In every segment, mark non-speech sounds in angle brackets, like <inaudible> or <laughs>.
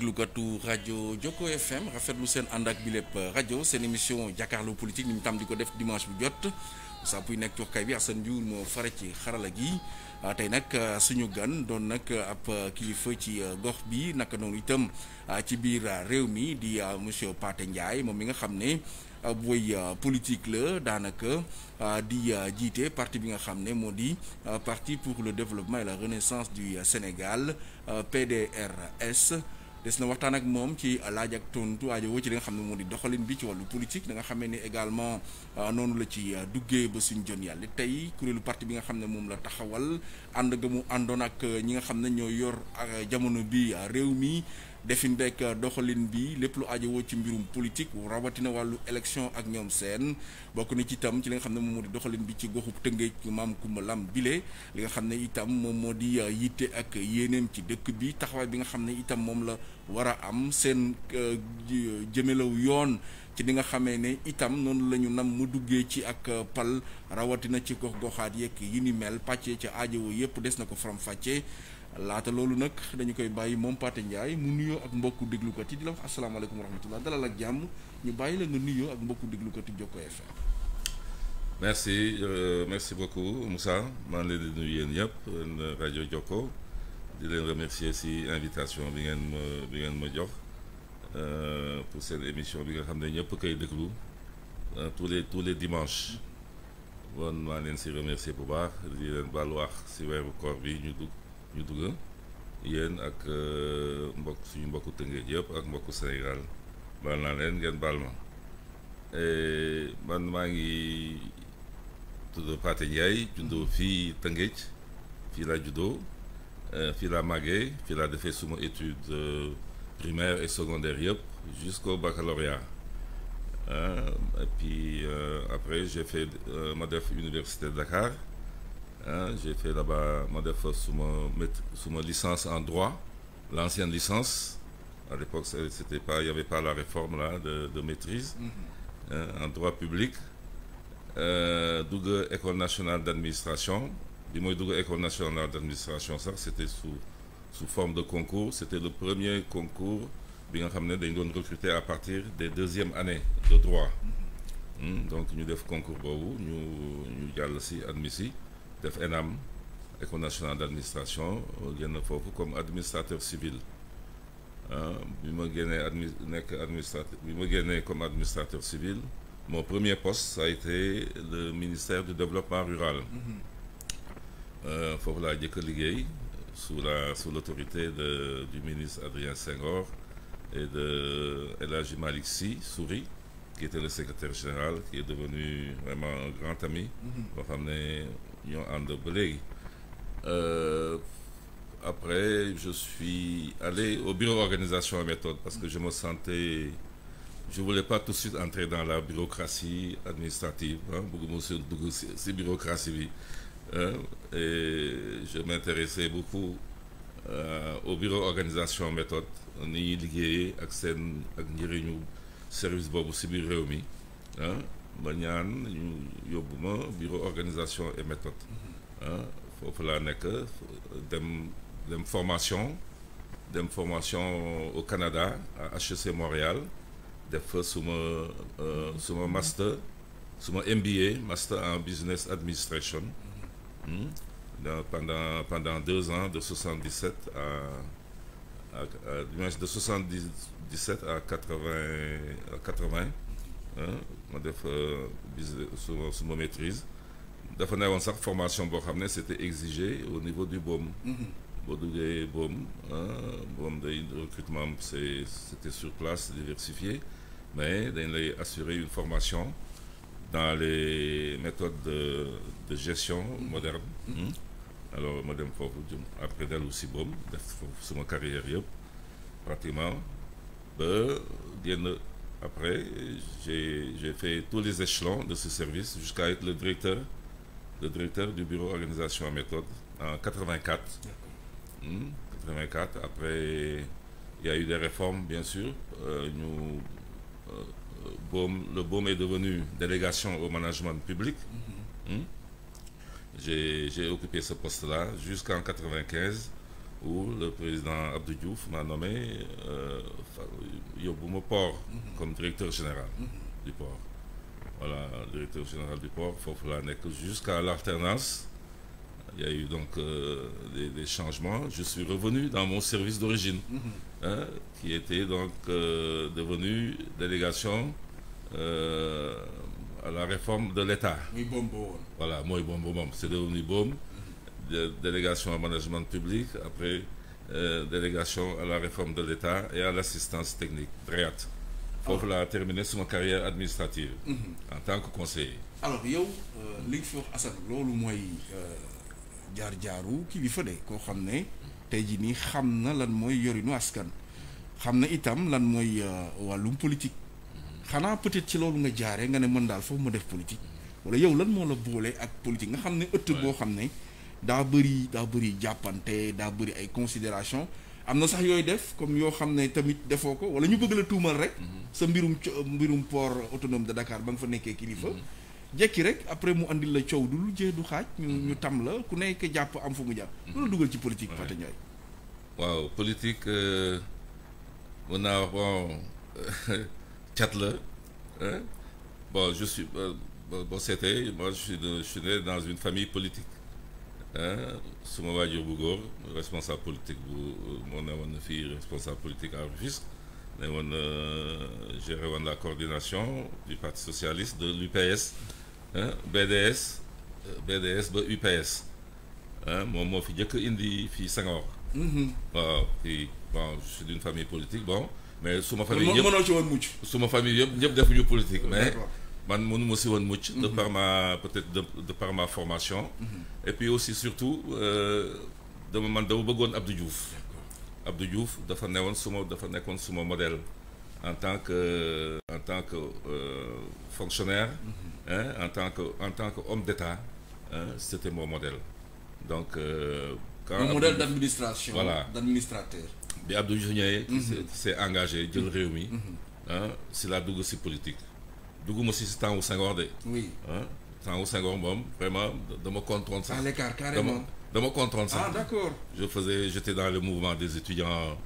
déglukatu radio Joko FM Raphaël seen andak bilep radio Radio l'émission seen émission politique ni du tam di def dimanche bu jot saa puy nekk kay bi Assane Diour mo fare ci xarala gi ah, tey nag ah, suñu gan don nak ap ah, kilifa ci gox bi nak non itam ci bir di monsieur Paté Ndiaye moom mi nga xamné boy politique le. danaka di jité parti bi nga xamné ne parti pour le développement et la renaissance du Sénégal PDRS des na waxtaan ak moom ci laaj ak tontu aajowoo ci li nga xam ne moo di doxalin bi ci wàllu politique da nga xamee ni également euh, noonu la ci euh, duggee ba suñ jon yàlla tey kuréelu parti bi nga xam ne moom la taxawal ànd ga mu àndoon ak euh, ñi nga xam ne ñoo yor jamono bi réew mi defin beeg doxalin bi lépp lu ajowoo ci mbirum politique rawatina wàllu élection ak ñoom seen bokk na ci itam ci li nga xam ne moom moo di doxalin bi ci goxub Tëngéej maam Kumba Lam bile li nga xam ne itam moom moo di yitte ak yéeneem ci dëkk bi taxawaay bi nga xam ne itam moom la war a am seen euh, jëmelaw yoon ci li nga xamee ne itam noonu lañu nam mu duggee ci ak pal rawatina ci gox goxaat yeeg yi ni mel pàccee ca wo yëpp des na ko faram-fàccee laata loolu nag dañu koy bàyyi moom Pathé Ndiaye mu nuyoo ak mbokku déglukat yi di la wax asalaamaaleykum wa rahmatullah dalal ak jàmm ñu bàyyi la nga nuyoo ak mbokku déglukat yi Jokko FM. merci euh, merci beaucoup Moussa maa ngi leen di nuyu yéen ñëpp rajo Jokko di leen remercier si invitation bi ngeen ma bi ngeen ma jox euh, pour cette émission bi nga xam ne ñëpp koy déglu euh, tous les tous les dimanches bon maa leen si remercier bu baax di leen baalu wax si weeru koor bi ñu dugg ñu dugg ak euh, suñu ak Sénégal ma euh, étude euh, primaire et secondaire jusqu'au baccalauréat et puis après j'ai fait ma def université de Dakar Hein, j'ai fait là-bas ma sous ma, sous ma licence en droit l'ancienne licence à l'époque il n'y avait pas la réforme de, maîtrise mhm. hein, en droit public euh, école nationale d'administration nationale d'administration ça c'était sous sous forme de concours c'était le premier concours bien ramené dañ à partir des deuxièmes années de droit mhm. hmm, Donc, nous donc nous le concours nous vous nous jàll admis def ENAM école nationale d'administration, je fofu comme administrateur civil Je hein, administrateur comme administrateur civil mon premier poste ça a été le ministère du développement rural mm-hmm. euh, foofu laa jëkk sous la sous l'autorité de du ministre Adrien Senghor et de El Souri, Souris qui était le secrétaire général qui est devenu vraiment un grand ami mm-hmm. boo euh, après je suis allé au bureau organisation et méthode parce que je me sentais je voulais pas tout de suite entrer dans la bureaucratie administrative Hein, bureaucratie hein, et je m'intéressais beaucoup euh, au bureau organisation méthode On y lié service Bob ma ñaan bureau organisation et méthode mhm. hein, foofu laa nekk dem dem formation dem formation au Canada à HEC Montréal def fa suma euh, suma mhm. master suma MBA master en business administration mhm. hmm, pendant pendant deux ans de 77 à à de 77 à 80 à 80 je hein, def euh, ma maîtrise dafa avant formation pour ramener, c'était exigé au niveau du BOM Le BOM BOM recrutement c'était sur place diversifié mais d'aller assurer une formation dans les méthodes de gestion mm-hmm. moderne mm-hmm. Hein. alors après d'elle aussi BOM def ma carrière pratiquement après, j'ai fait tous les échelons de ce service jusqu'à être le directeur, le directeur du bureau organisation à méthode en 84. Hmm, Après, il y a eu des réformes, bien sûr. Euh, nous, euh, le BOM est devenu délégation au management public. Mhm. Hmm. J'ai occupé ce poste-là jusqu'en 95 où le président Abdou Diouf m'a nommé euh, Yoboumo Port comme directeur général du port. Voilà, directeur général du port, jusqu'à l'alternance. Il y a eu donc euh, des, changements. Je suis revenu dans mon service d'origine, hein, qui était donc euh, devenu délégation euh, à la réforme de l'État. Oui, bon, Voilà, moi, bon, c'est devenu délégation à management public, après euh, délégation à la réforme de l'État et à l'assistance technique, DREAT. foofu laa terminé son carrière administrative. Mhm. en tant que conseiller. alors yow euh, li nga fi wax Assane loolu mooy euh, jaar-jaaru kilifa de koo xam lan mooy yorinu askan xam itam lan mooy walum politique xanaa peut-être ci lolou nga jaré nga né man dal mo def politique wala yow lan mo la bolé ak politique nga xamné ne bo xamné d'abri d'abri d'abri d'abri et considération amna sax def comme yo xamné tamit defoko wala ñu bëgg la tuumal rek mm-hmm. sa mbirum mbirum port autonome de Dakar ba nga fa nekkee kilifa mm-hmm. jekki rek après mu andil la coow du lu du xaj ñu ñu mm-hmm. tam la ku nekk japp am fu mu ci politique Pathé ñoy waaw politique euh, on a wax bon <laughs> chat la hein. bon je suis bon c'était moi je suis je suis né dans une famille politique Euh, suma waajur bu góor responsable politique bu moo ne woon na fii responsable politique à Rufisque ne woon euh, géré woon la coordination du parti socialiste de l'UPS BDS euh, BDS ba moo fi njëkk indi fii Senghor mhm. waaw fii bon je su d'une famille politique bon mais suma famille yëpp mënoo ci woon mucc suma politique mais man mon aussi won much de mhm. par ma peut-être de, de par ma formation mhm. et puis aussi surtout euh, dama moment dama bëggoon Abdou Diouf Abdou Diouf dafa newoon suma dafa nekkoon suma modèle en tant que euh, en tant que euh, fonctionnaire mhm. hein, en tant que en tant que homme d'État hein, c'était mon modèle donc quand mon modèle d'administration voilà d'administrateur bi Abdou Diouf ñëwee s'est engagé jël réew hein c'est la dugg politique du coup, moi aussi, c'est saint de. oui hein? en wu Senghor vraiment mon mon compte à l'écart carrément De mon compte 35. ah d'accord je faisais j'étais dans le mouvement des étudiants.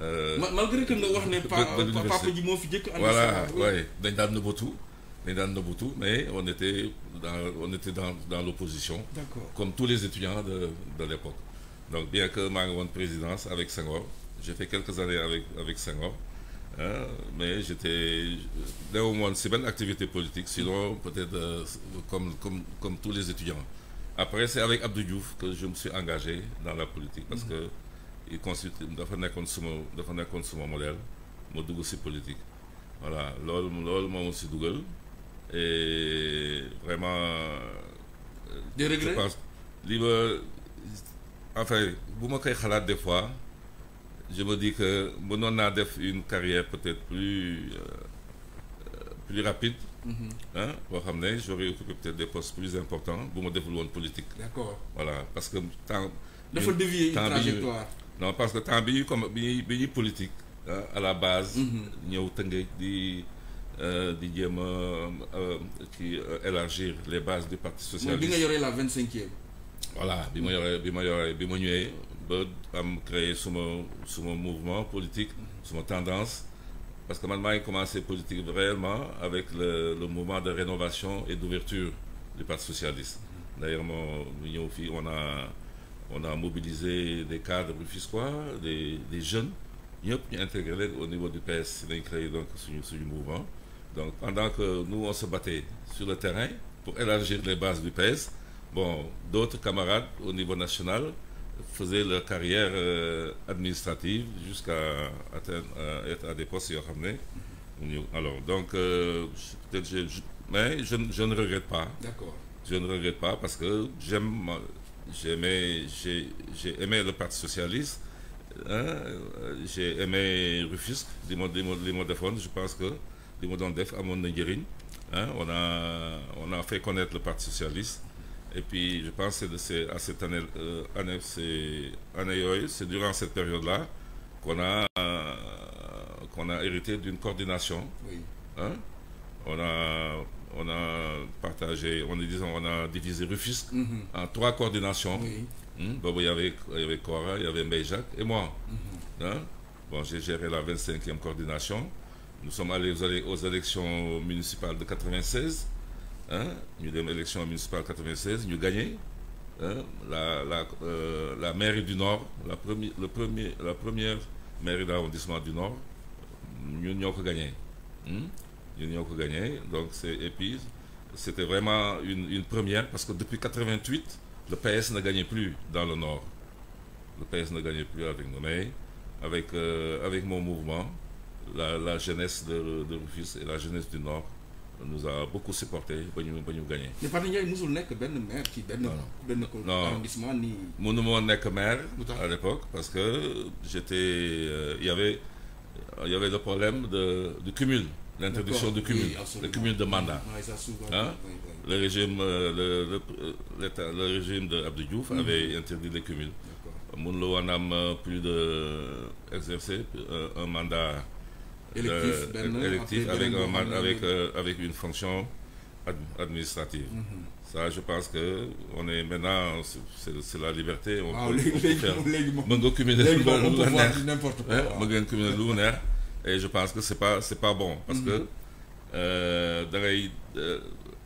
Euh, malgré que nous n'avons pas pas papa ji moo fi voilà oui dans le mais on était dans on était dans l'opposition. d'accord comme tous les étudiants de de l'époque donc bien que ma grande présidence avec Senghor j'ai fait quelques années avec avec Senghor. Hein, mais j'étais moins c'est une activité politique, sinon peut-être euh, comme, comme, comme, tous les étudiants. Après, c'est avec Abdou Diouf que je me suis engagé dans la politique parce que il constitue sur mon modèle, mon aussi politique. Voilà, lol, moi aussi Google. Et vraiment. Euh, des regrets pense, libre, Enfin, vous me des fois je me dis que si on a une carrière peut-être plus euh, plus rapide. je mm-hmm. hein, boo j'aurais occupé peut-être des postes plus importants pour mon développer politique. d'accord voilà parce que Il faut dévier une trajectoire non parce que tant bi comme bi politique. Euh, à la base. il mm-hmm. y di euh, di de qui ci élargir les bases du parti socialiste. Mais il y aurait la 25e. voilà bi y aurait à me créé sous mon mouvement politique mon tendance parce que maintenant, il commence commencé politique réellement avec le le mouvement de rénovation et d'ouverture du Parti socialiste d'ailleurs on a on a mobilisé des cadres rufisquois des des jeunes ils ont intégré au niveau du PS ils ont créé donc ce mouvement donc pendant que nous on se battait sur le terrain pour élargir les bases du PS bon d'autres camarades au niveau national faisaient leur carrière euh, administrative jusqu'à atteindre euh, être à des postes alors donc euh, mais je, ne regrette pas d'accord je ne regrette pas parce que j'aime j'aimais j'ai aimé le parti socialiste hein, j'ai aimé Rufisque les mots les mots je pense que les mots d'Andef à mon hein, on a on a fait connaître le parti socialiste et puis, je pense que c'est à cette année, euh, c'est durant cette période-là qu'on a, euh, qu'on a hérité d'une coordination. Hein? On, a, on a partagé, on, est, on a divisé Rufus mm-hmm. en trois coordinations. Hein? il, y avait, Cora, il y avait Mbeijak et moi. Mm-hmm. Hein? Bon, j'ai géré la 25e coordination. Nous sommes allés aux, aux élections municipales de 1996. Hein? ñu élection municipale 96 nous gagné hein? la la euh, la mairie du Nord la première le premier la première mairie d'arrondissement du Nord nous n'avons que gagné nous hein? n'y gagné donc c'est épise. c'était vraiment une une première parce que depuis 88 le PS ne gagnait plus dans le Nord le PS ne gagnait plus avec nous avec euh, avec mon mouvement la jeunesse de de et la jeunesse du Nord nous a beaucoup supporté pour nous ba gagné. mais Fane Ndiaye musul nekk Ben maire ci Ben Non, non. arrondissement ni. ne moo que maire. à l'époque parce que j'étais il euh, y avait il euh, y avait le problème de du cumul. l'interdiction du cumul le cumul de mandat. Hein? le régime euh, le le le régime de Abdou Diouf mm. avait interdit le cumul. Mon woon am plus de exercer un mandat électif, avec, avec, une fonction administrative. Mm-hmm. Ça, je pense que on est maintenant, c'est la liberté. On ah, peut, faire on peut faire. n'importe quoi. Hein, et je pense que c'est pas c'est pas bon parce mm-hmm. que euh, dans les euh,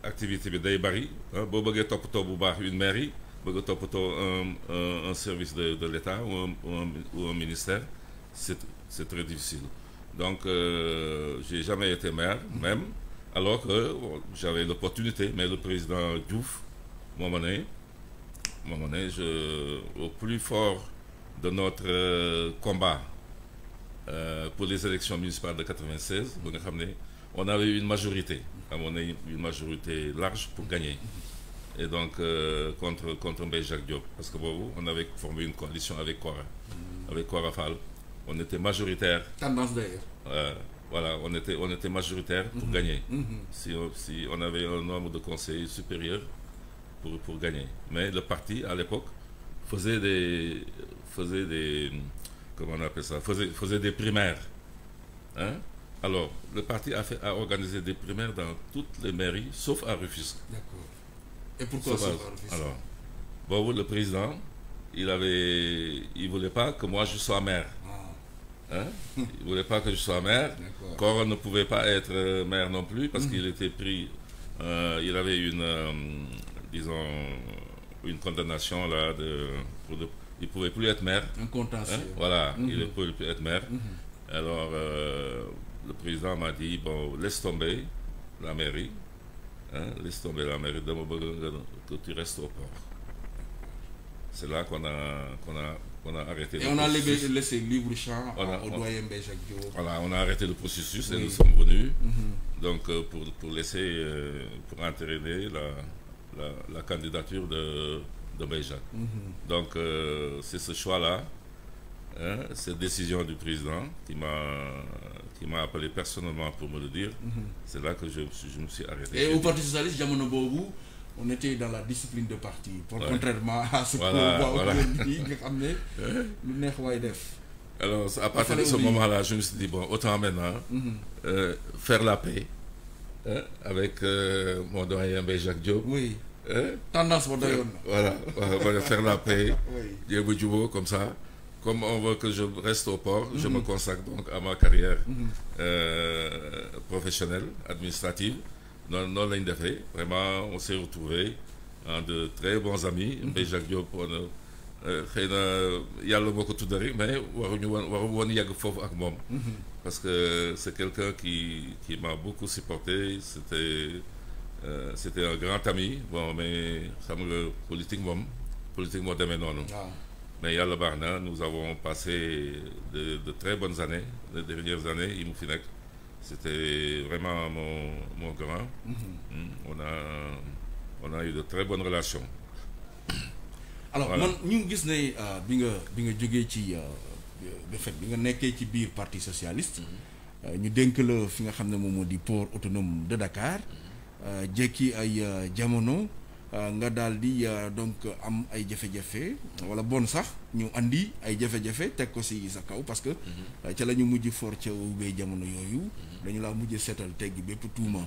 activités de Daibari, une mairie, un, un, un service de, de l'État ou, ou, un ministère, c'est très difficile. Donc, euh, j'ai jamais été maire, même, alors que j'avais l'opportunité. Mais le président Diouf, au plus fort de notre euh, combat euh, pour les élections municipales de 96, on avait une majorité, mon avis, une majorité large pour gagner. Et donc, euh, contre, contre Jacques Diop, parce que on avait formé une coalition avec quoi, avec on était majoritaire. Euh, voilà, on était, on était majoritaire pour mhm. gagner. Mhm. si, on, si on avait un nombre de conseillers supérieurs, pour, gagner. Mais le parti, à l'époque, faisait des, faisait des, comment on appelle ça, faisait, faisait des primaires. Hein? Alors, le parti a, a organisé des primaires dans toutes les mairies, sauf à Rufisque. D'accord. Et pourquoi sauf, à, Alors, le président, il avait, il voulait pas que moi je sois maire. Hein? Il ne voulait pas que je sois maire. Cora ne pouvait pas être euh, maire non plus parce qu'il était pris. Euh, il avait une, euh, disons, une condamnation là de, il pouvait plus être maire. Un contentieux. Hein? Voilà, il mm-hmm. ne pouvait plus être maire. Mm-hmm. Alors le président m'a dit bon laisse tomber la mairie, hein? laisse tomber la mairie de que tu restes au port. C'est là qu'on a qu'on a on a arrêté. Et on a laissé, libre champ au doyen Voilà, on a arrêté le processus et nous sommes venus mhm. donc euh, pour, pour laisser, euh, pour entraîner la, la, candidature de, de mhm. Donc euh, c'est ce choix-là, hein, cette décision du président qui m'a qui m'a appelé personnellement pour me le dire, mhm. c'est là que je, je, me suis arrêté. Et au Parti Socialiste, nouveau Bobou, on était dans la discipline de parti. Contrairement à ce voilà, qu'on voit au aujourd'hui, Alors, à partir de ce moment-là, je me suis dit, bon, autant maintenant, mhm. euh, faire la paix hein, avec euh, mon doyen Jacques Diop. Oui. Hein? Tendance, mon doyen. Euh, voilà, faire la paix. <laughs> oui. comme ça. Comme on voit que je reste au port, je mhm. me consacre donc à ma carrière mhm. professionnelle, administrative noonu noonu lañ vraiment on s'est retrouvé en hein, de très bons amis mhm. mais Jacques Diop on euh, xëy na yàlla moo ko mais waruñu woon waru woon yàgg ak mhm. parce que c'est quelqu'un qui qui m'a beaucoup supporté c'était euh, c'était un grand ami bon mais ça me politique moom politique moo demee non ah. mais yàlla baax na nous avons passé de de très bonnes années les dernières années il nous finit c'était vraiment mon, mon grand. Mm -hmm. on, a, on a eu de très bonnes relations. Alors, voilà. man, nous avons vu que le fait que nous sommes dans Parti Socialiste, mm-hmm. euh, ñu dénk la fi nga xam ne moom port autonome de Dakar mm-hmm. euh, jekki ay euh, jamono Euh, nga daal di euh, donc am ay jafe-jafe wala bon sax ñu indi ay jafe-jafe teg ko si sa kaw parce que mhm. euh, ca la ñu mujj for ca ubee jamono yooyu mhm. dañu laa mujj seetal tegg bépp tuuma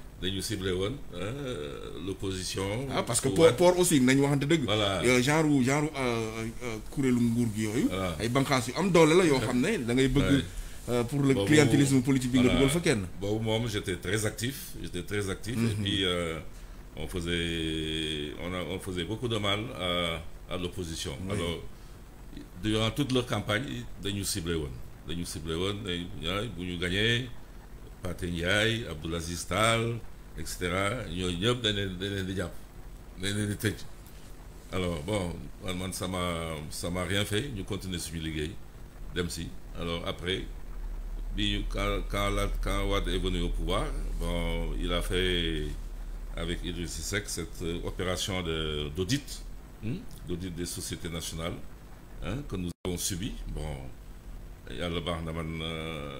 dañu ciblé euh, l'opposition ah parce que port port aussi nañu waxante dëgg euh, genre genre euh, kuréelu nguur gi yooyu ay banqaas yu am doole la yoo xam ne da ngay bëgg pour le clientélisme politique bi nga dugal fa kenn boobu moom j'étais très actif j'étais très actif et mhm. puis on faisait on a on faisait beaucoup de mal à à l'opposition alors durant toute leur campagne dañu ciblé woon dañu ciblé woon ah, bu ñu gagné Paté Ndiaye etc il yooyu ñëpp dañ leen di jàpp dañ leen di tëj alors bon man man ça m'a ça m'a rien fait ñu continuer suñu liggéey dem si alors après bi quand quand la quand Wade est venu au pouvoir bon il a fait avec Idriss Seck cette euh, opération de d'audit hein, d'audit des sociétés nationales hein, que nous avons subi bon yàlla baax na euh,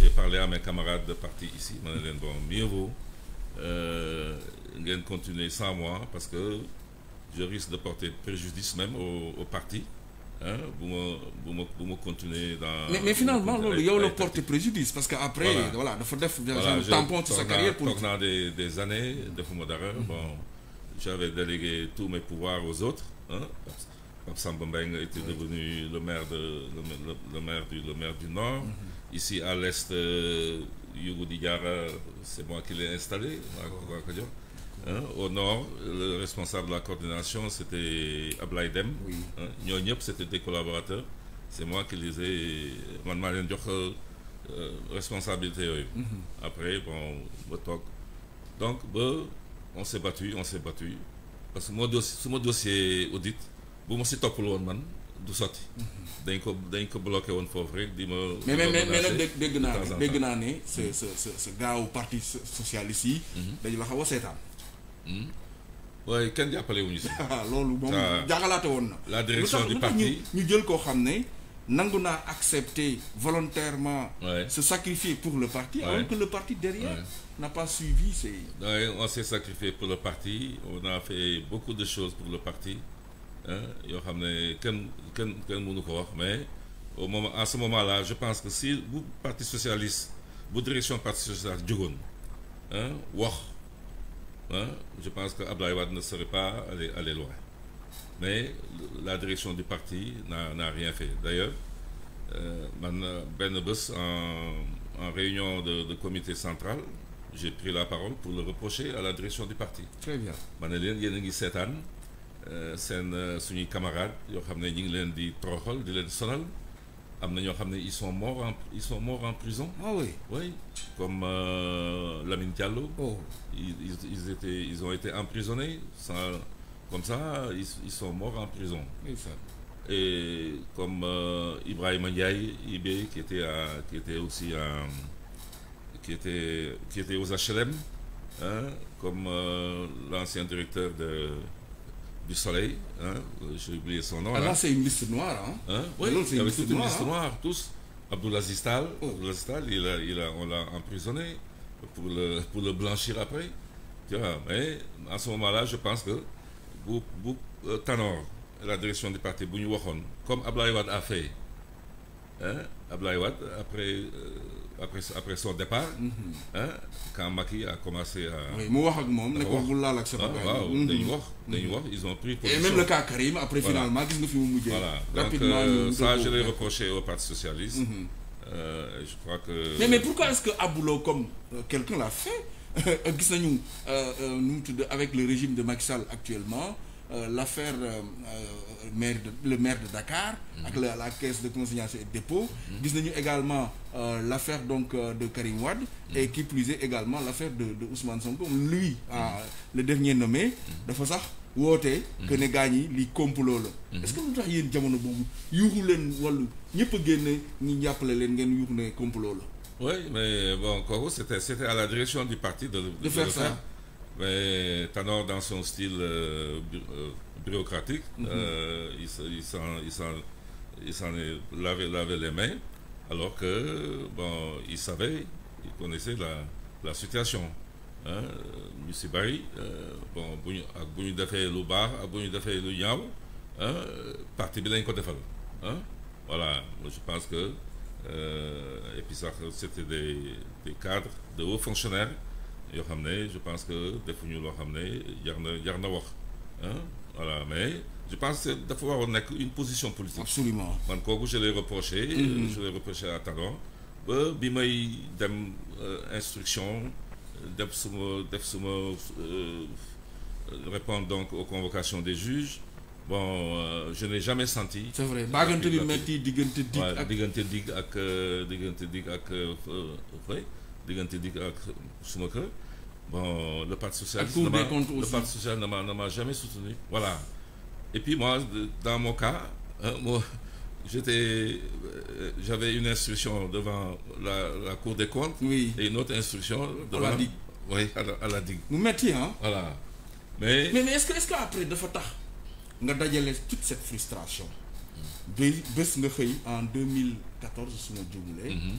j'ai parlé à mes camarades de parti ici Mon ne mieux euh, continuer sans moi parce que je risque de porter préjudice même au, parti Vous me continuez continuer dans. mais mais finalement loolu yow le porter préjudice parce qu'après, il voilà, il sa carrière pour. des des années defuma dara mhm. bon j'avais délégué tous mes pouvoirs aux autres Sam hein, Pape était devenu le maire de le, maire du le maire du Nord. Mhm. Ici à l'est, euh, c'est moi qui l'ai installé, oh. hein, Au nord, le responsable de la coordination, c'était Ablaïdem. Oui. Hein. c'était des collaborateurs. C'est moi qui les ai. Madame euh, responsabilité. Mm -hmm. Après, bon, donc, on s'est battu, on s'est battu. Parce que mon dossier, mon dossier audit, bon, c'est top pour le man du bloqué mais mais mais nag parti socialiste ici mhm. dañu a seetaan. Mhm. waaye kenn jàppale wuñu si. <laughs> Ah. la direction du parti nous jël koo accepter volontairement. se sacrifier pour le parti. alors que le parti derrière. n'a pas suivi on s'est sacrifié pour le parti on a fait beaucoup de choses pour le parti. Hein, mais au moment à ce moment là je pense que si vous parti socialiste vous direction parti socialiste hein wax hein, je pense que Abdoulaye ne serait pas allé loin mais la direction du parti n'a rien fait d'ailleurs euh, en réunion de comité central j'ai pris la parole pour le reprocher à la direction du parti. très bien il y 7 ans euh, seen euh, suñuy camarades yoo xam ne ñu ngi leen di toroxal di leen sonal am na ñoo xam ne ils sont morts en ils sont morts en prison. ah oui oui comme euh, Lamine Diallo. oh ils ils étaient ils ont été emprisonnés sans comme ça ils ils sont morts en prison. et comme euh, Ibrahima Ndiaye Ibé qui était à, qui était aussi à, qui était qui était aux HLM hein comme euh, l'ancien directeur de du Soleil, hein, j'ai oublié son nom. Alors ah, là, hein. c'est une liste noire. Hein? hein oui, c'est une, liste, hein. noire, tous. Abdoulaziz Tal, oh. il il on l'a emprisonné pour le, pour le blanchir après. Tu vois, mais à ce moment-là, je pense que Bou, Bou, euh, Tanor, la direction du parti, Bouni comme Ablaïwad a fait, hein, Ablaïwad, après. Euh, après après son départ. Mhm. Hein, quand Macky a commencé à. oui mu wax ak moom ne ko ah, bul mhm. ils ont pris. et même le cas Karim après finalement ils nous fi mu voilà rapidement donc euh, ça je l'ai reproché au parti socialiste. Mhm. Euh, je crois que. mais mais pourquoi est-ce que Aboulo comme euh, quelqu'un l'a fait avec le régime de Macky Sall actuellement l'affaire. Euh, maire de le maire de Dakar. avec mhm. la la caisse de consignation et dépôt. Mhm. gis également euh, l'affaire donc euh, de Karim Wade. Mhm. et qui plus est également l'affaire de de Ousmane Sonko lui le dernier nommé. de sax wootee. que ne gaañ li est ce que nous tax yéen jamono boobu yuuxu len walu ñepp a ñi len ngén né compulolo oui mais bon c'était c'était à la direction du parti de. de, de faire ça. Mais Tanor, dans son style euh, euh, bureaucratique, mhm. euh, il, s'en lavait, les mains, alors que, bon, il savait, il connaissait la, situation. Hein. M. Barry, a beaucoup d'affaires le bar, a beaucoup d'affaires le yam, parti bien Côte hein? Voilà, je pense que, et puis ça, c'était des, des cadres, de hauts fonctionnaires yoo je pense que defuñu loo xam ne Yarna na wax ah voilà mais je pense que d'avoir waroon une position politique. absolument man kooku je l'ai reproché. Mm. Euh, je l'ai reproché à Talon ba bi may dem euh, instruction euh, def suma def suma répondre donc aux convocations des juges bon euh, je n'ai jamais senti. c'est vrai baagante bi metti diggante dig ak diggante dig ak diggante dig ak vrai diggante dig ak suma kër. Bon, le Parti Socialiste ne m'a jamais soutenu. Voilà. Et puis moi, dans mon cas, euh, <laughs> euh, j'avais une instruction devant la, Cour des comptes oui. et une autre instruction devant la digue. à la, Vous hein Voilà. Mais, mais, est-ce qu'après, après de Fatah, on a toute cette frustration mm. en 2014, si on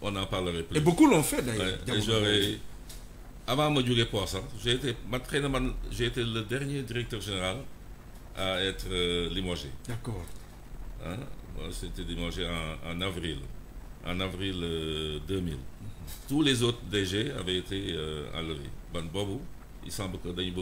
on en parlerait plus. Et beaucoup l'ont fait d'ailleurs. avant mon pour ça, j'ai été, j'ai été le dernier directeur général à être euh, limogé. D'accord. Hein? C'était limogé en, avril, en avril 2000. Euh, Tous les autres DG avaient été euh, enlevés. il semble que Dany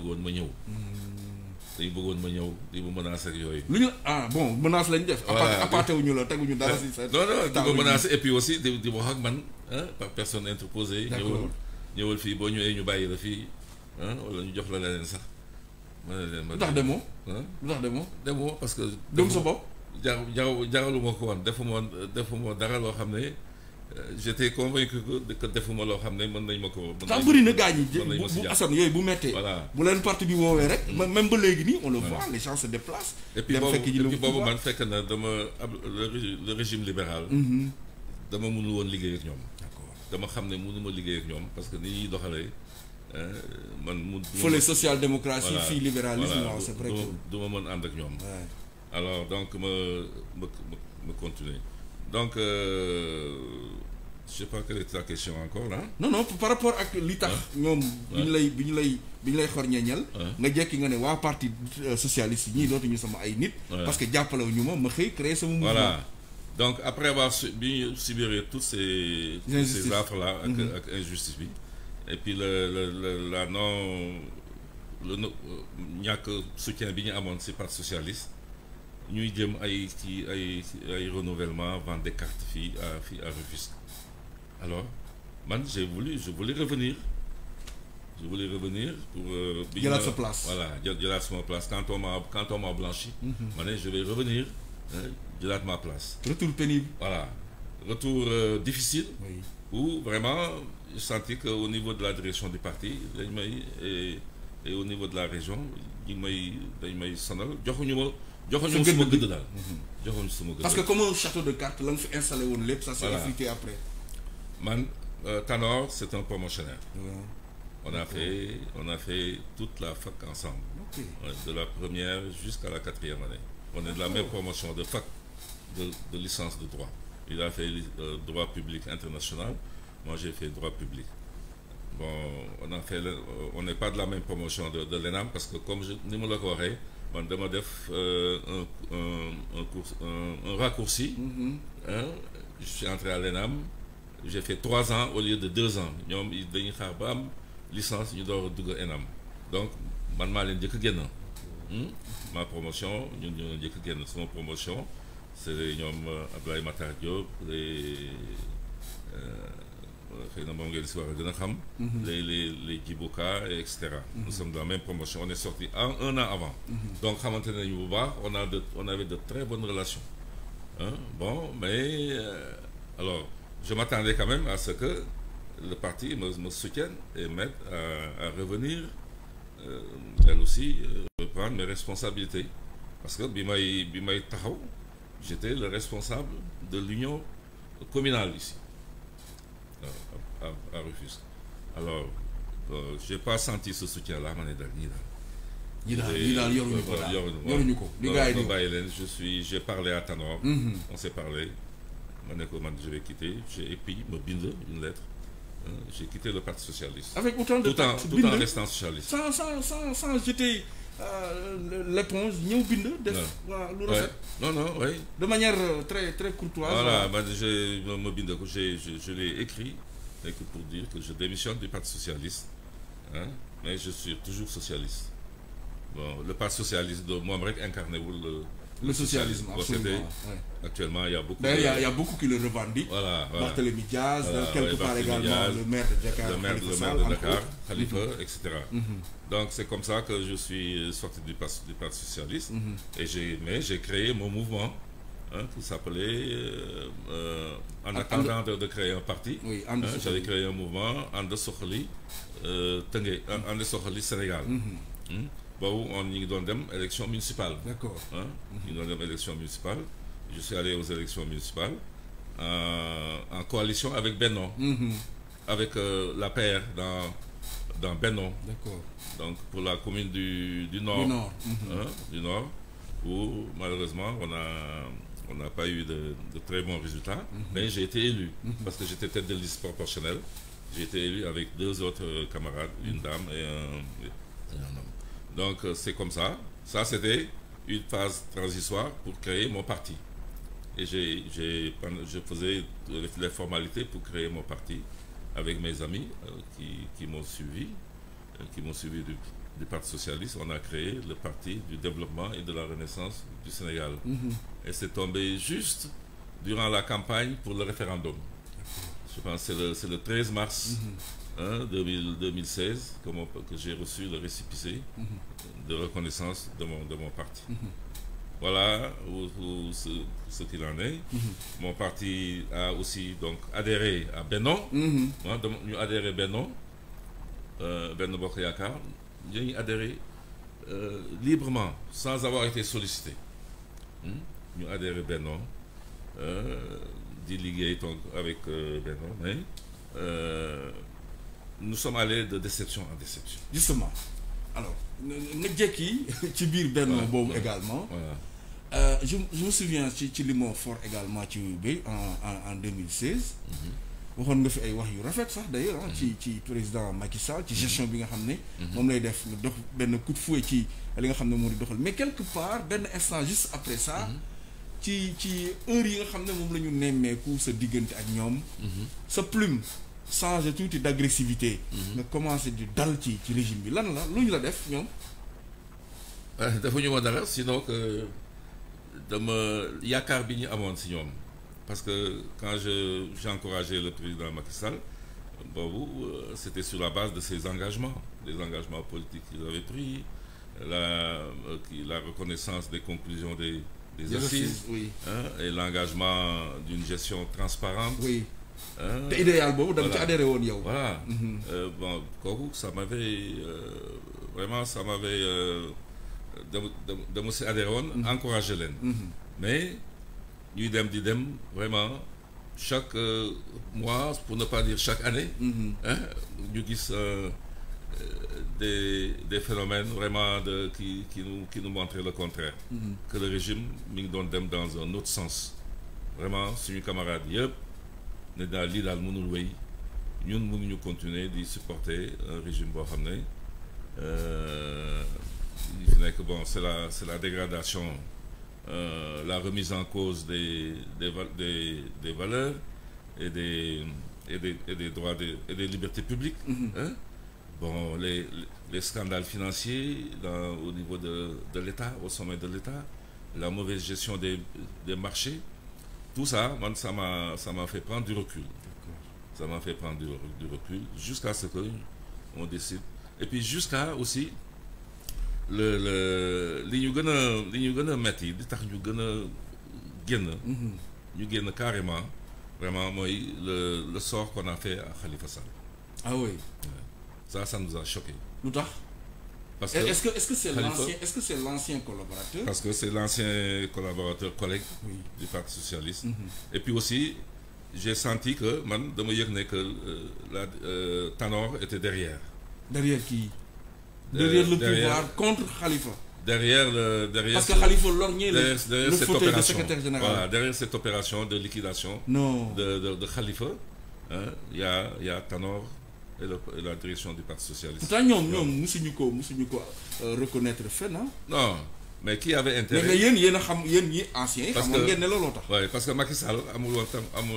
dañu bëggoon ma ñëw di ma menacer ak yooyu. lu ñu ah bon menace lañ def. voilà aparté wu la teguñu dara si. sa non non di ma menacer et puis aussi di di wax ak man hein, par personne interposée. ñëwal ñëwal fii boo ñëwee ñu bàyyi la fii hein, wala ñu jox la leneen sax. ma ne leen ma ndax demoo. ndax hein. demoo demoo parce que. dem sa bopp. jaaw jaaw jaawlu ma ko woon defu ma defu ma dara loo xam ne. Euh, j'étais convaincu que que defuma loo xam ne mën nañ mako ko. mën na gaañ yi bu Assane yooyu bu méttee. voilà bu leen parti bi wowe rek. Mm-hmm. même ba légui ni on le mm-hmm. voit les gens se déplacent. dem fekk ji et puis boobu man fekk na dama le régime libéral. Mm-hmm. dama mënul won liggéey ak ñom d'accord dama xamné ne mënuma liggéey ak ñom parce que ni ñuy doxalee hein, man mu. fële social démocratie fi libéralisme non c'est vrai que. du ma mën ànd ak ñom alors donc me me ma continuer. Donc, euh, je ne sais pas quelle est ta question encore là. Hein? Non, non, par rapport à l'ITA, nous avons parti euh, socialiste, nous avons parce que nous avons créé ce mouvement. Voilà. Donc, après avoir subi, tous ces, ces affres-là, avec, mm-hmm. injustice, et puis le, le, le la non. il n'y a que soutien bien avancé par socialiste. Nous avons ay un renouvellement vente des cartes à refuser. alors man j'ai voulu je voulais revenir je voulais revenir pour. Euh, il a sa place voilà place quand on m'a quand on m'a blanchi. Mhm. je vais revenir de hein, ma place. retour pénible. voilà retour euh, difficile. oui où vraiment je sentais que au niveau de la direction du parti et, au niveau de la région il m'a Mhm. parce que comme un château de cartes la fait fi installé woon ça s'est effrité après man euh, Tanor c'est un promotionnaire on a fait on a fait toute la fac ensemble de la première jusqu'à la quatrième année on est de la même promotion de fac de, licence de droit il a fait euh, droit public international moi j'ai fait droit public bon on fait euh, on n'est pas de la même promotion de, de l'ENAM parce que comme je ne me le croirais man dama def euh, un un un cours un, un raccourci. Mm-hmm. Hein? je suis entré à l'ENAM j'ai fait 3 ans au lieu de 2 ans ñoom dañuy xaar ba am licence ñu door dugg ENAM donc man maa leen njëkk génn hmm? ma promotion ñu ñoo leen njëkk génn sama promotion c'est ñom euh, Abdoulaye Matar Diop et. Mhm. les les les mhm. nous sommes dans la même promotion on est sorti un an avant. Mhm. donc on a on avait de très bonnes relations. Hein? bon mais euh, alors je m'attendais quand même à ce que le parti me, soutienne et m'aide à, revenir euh, elle aussi euh, prendre mes responsabilités parce que j'étais le responsable de l'union communale ici à, à Alors, euh, je n'ai pas senti ce soutien-là, mon ni là. Ni là, euh, Je suis, j'ai parlé à Tanor, mhm. on s'est parlé. mon Je vais quitter. Et puis, me une lettre. Hein, j'ai quitté le Parti Socialiste. Avec autant de Tout en, restant socialiste. Sans, sans, sans, sans jeter euh, l'éponge, ni binde, def, non. Ouais. non, non, oui. De manière euh, très, très courtoise. Voilà, hein. bah, je, me binde, je, je, je l'ai écrit que pour dire que je démissionne du Parti Socialiste, hein, mais je suis toujours socialiste. Bon, le Parti Socialiste de Mohamed vous le, le socialisme, absolument. Actuellement, il y a beaucoup. il, y beaucoup qui le revendiquent. Voilà, voilà. quelque part également le maire de Dakar, Khalifa, mm-hmm. etc. Mm-hmm. Donc c'est comme ça que je suis sorti du, du Parti socialiste mm-hmm. et mais j'ai créé mon mouvement qui hein, s'appelait, euh, euh, en attendant de, créer un parti, oui, hein, j'avais créé un mouvement, Ande de euh, euh mm-hmm. Sénégal. Mm-hmm. Hein, bah, où on y donne une élection municipale. D'accord. Hein? Mm-hmm. élection municipale. Je suis allé aux élections municipales en coalition avec Benon, avec la paire dans, dans Benon. D'accord. Donc pour la commune du, du Nord. Du Nord. du Nord où malheureusement on a on n'a pas eu de, très bons résultats, mhm. mais j'ai été élu parce que j'étais tête de liste proportionnelle. J'ai été élu avec deux autres euh, camarades, une mhm. dame et un, homme. Donc euh, c'est comme ça. Ça, c'était une phase transitoire pour créer mon parti. Et j'ai je faisais les formalités pour créer mon parti avec mes amis euh, qui, m'ont suivi, qui m'ont suivi du Parti Socialiste, on a créé le Parti du Développement et de la Renaissance du Sénégal. Mhm. Et c'est tombé juste durant la campagne pour le référendum. Je pense que c'est le, 13 mars 2016 mhm. que, hein, que j'ai reçu le récipicé mhm. de reconnaissance de mon, de mon parti. Voilà ce, qu'il en est. Mon parti a aussi donc adhéré à Benon. Nous de, adhéré à Benon, euh, Benon j'ai adhéré euh, librement sans avoir été sollicité hmm? nous adhéré Benno euh, di avec euh, nous sommes allés de déception en déception. justement alors nous, tu ci également. je me souviens ci tu fort également tu en 2016 waxoon nga fi ay wax yu rafet sax d'ailleurs hein, ci ci président Macky Sall ci gestion bi nga xam ne moom lay def dox benn coup de fouet ci li nga xam ne moo di doxal mais quelque part benn instant juste après ça ci ci heure yi nga xam ne moom la ñu nemmeeku sa diggante ak ñoom sa plume changer tuuti d'agressivité nga commencé di dal ci ci régime bi lan la lu la def ñoom euh, dafa ñu ma dara sinon que dama yaakaar bi ñu amoon si ñoom parce que quand j'ai encouragé le président Macky Sall, euh, c'était sur la base de ses engagements, des engagements politiques qu'il avait pris, la, euh, la, reconnaissance des conclusions des, des assises, hein, et l'engagement d'une gestion transparente. Oui. Hein, idéal, mhm. euh, bon, voilà. voilà. Mm -hmm. Voilà. bon, ça m'avait vraiment, ça m'avait de, de, de, de mhm. encouragé mhm. Mais nous dem vraiment chaque euh, mois pour ne pas dire chaque année mhm. nous hein, gis euh, euh, des phénomènes vraiment qui nous qui nous le contraire mhm. que le régime nous donne dans un autre sens vraiment c'est camarades yep, nous nous lii daal Nous devons continuer de supporter un régime boo xam ne que bon c'est la c'est la dégradation euh, la remise en cause des, des, valeurs et des, et des, et des, droits et des libertés publiques. Mhm. Hein. Bon, les, les, scandales financiers dans, au niveau de, de l'État, au sommet de l'État, la mauvaise gestion des, des, marchés, tout ça, ça m'a fait prendre du recul. Ça m'a fait prendre du, du recul jusqu'à ce qu'on décide. Et puis jusqu'à aussi le le li ñu gën a li ñu gën a metti di tax ñu gën mm-hmm. ñu génn carrément vraiment mooy le le sort qu'on a fait à Khalifa Sall. ah oui. ça ça nous a choqué. lu tax. parce que est-ce que est-ce que c'est l'ancien est-ce que c'est l'ancien collaborateur. parce que c'est l'ancien collaborateur collègue. du parti socialiste. Mm-hmm. et puis aussi j'ai senti que man dama yëg ne que euh, la euh, Tanor était derrière. derrière qui derrière le pouvoir contre Khalifa. Derrière le derrière parce que Khalifa lorgnait derrière le cette opération, de derrière cette opération de liquidation De, de, de, Khalifa, hein, il hein, y, a, Tanor et, le, et, la direction du Parti Socialiste. Pourtant, nous ne euh, reconnaître fait, non hein. Non, mais qui avait intérêt Mais il y ancien, parce que, parce que Macky Sall,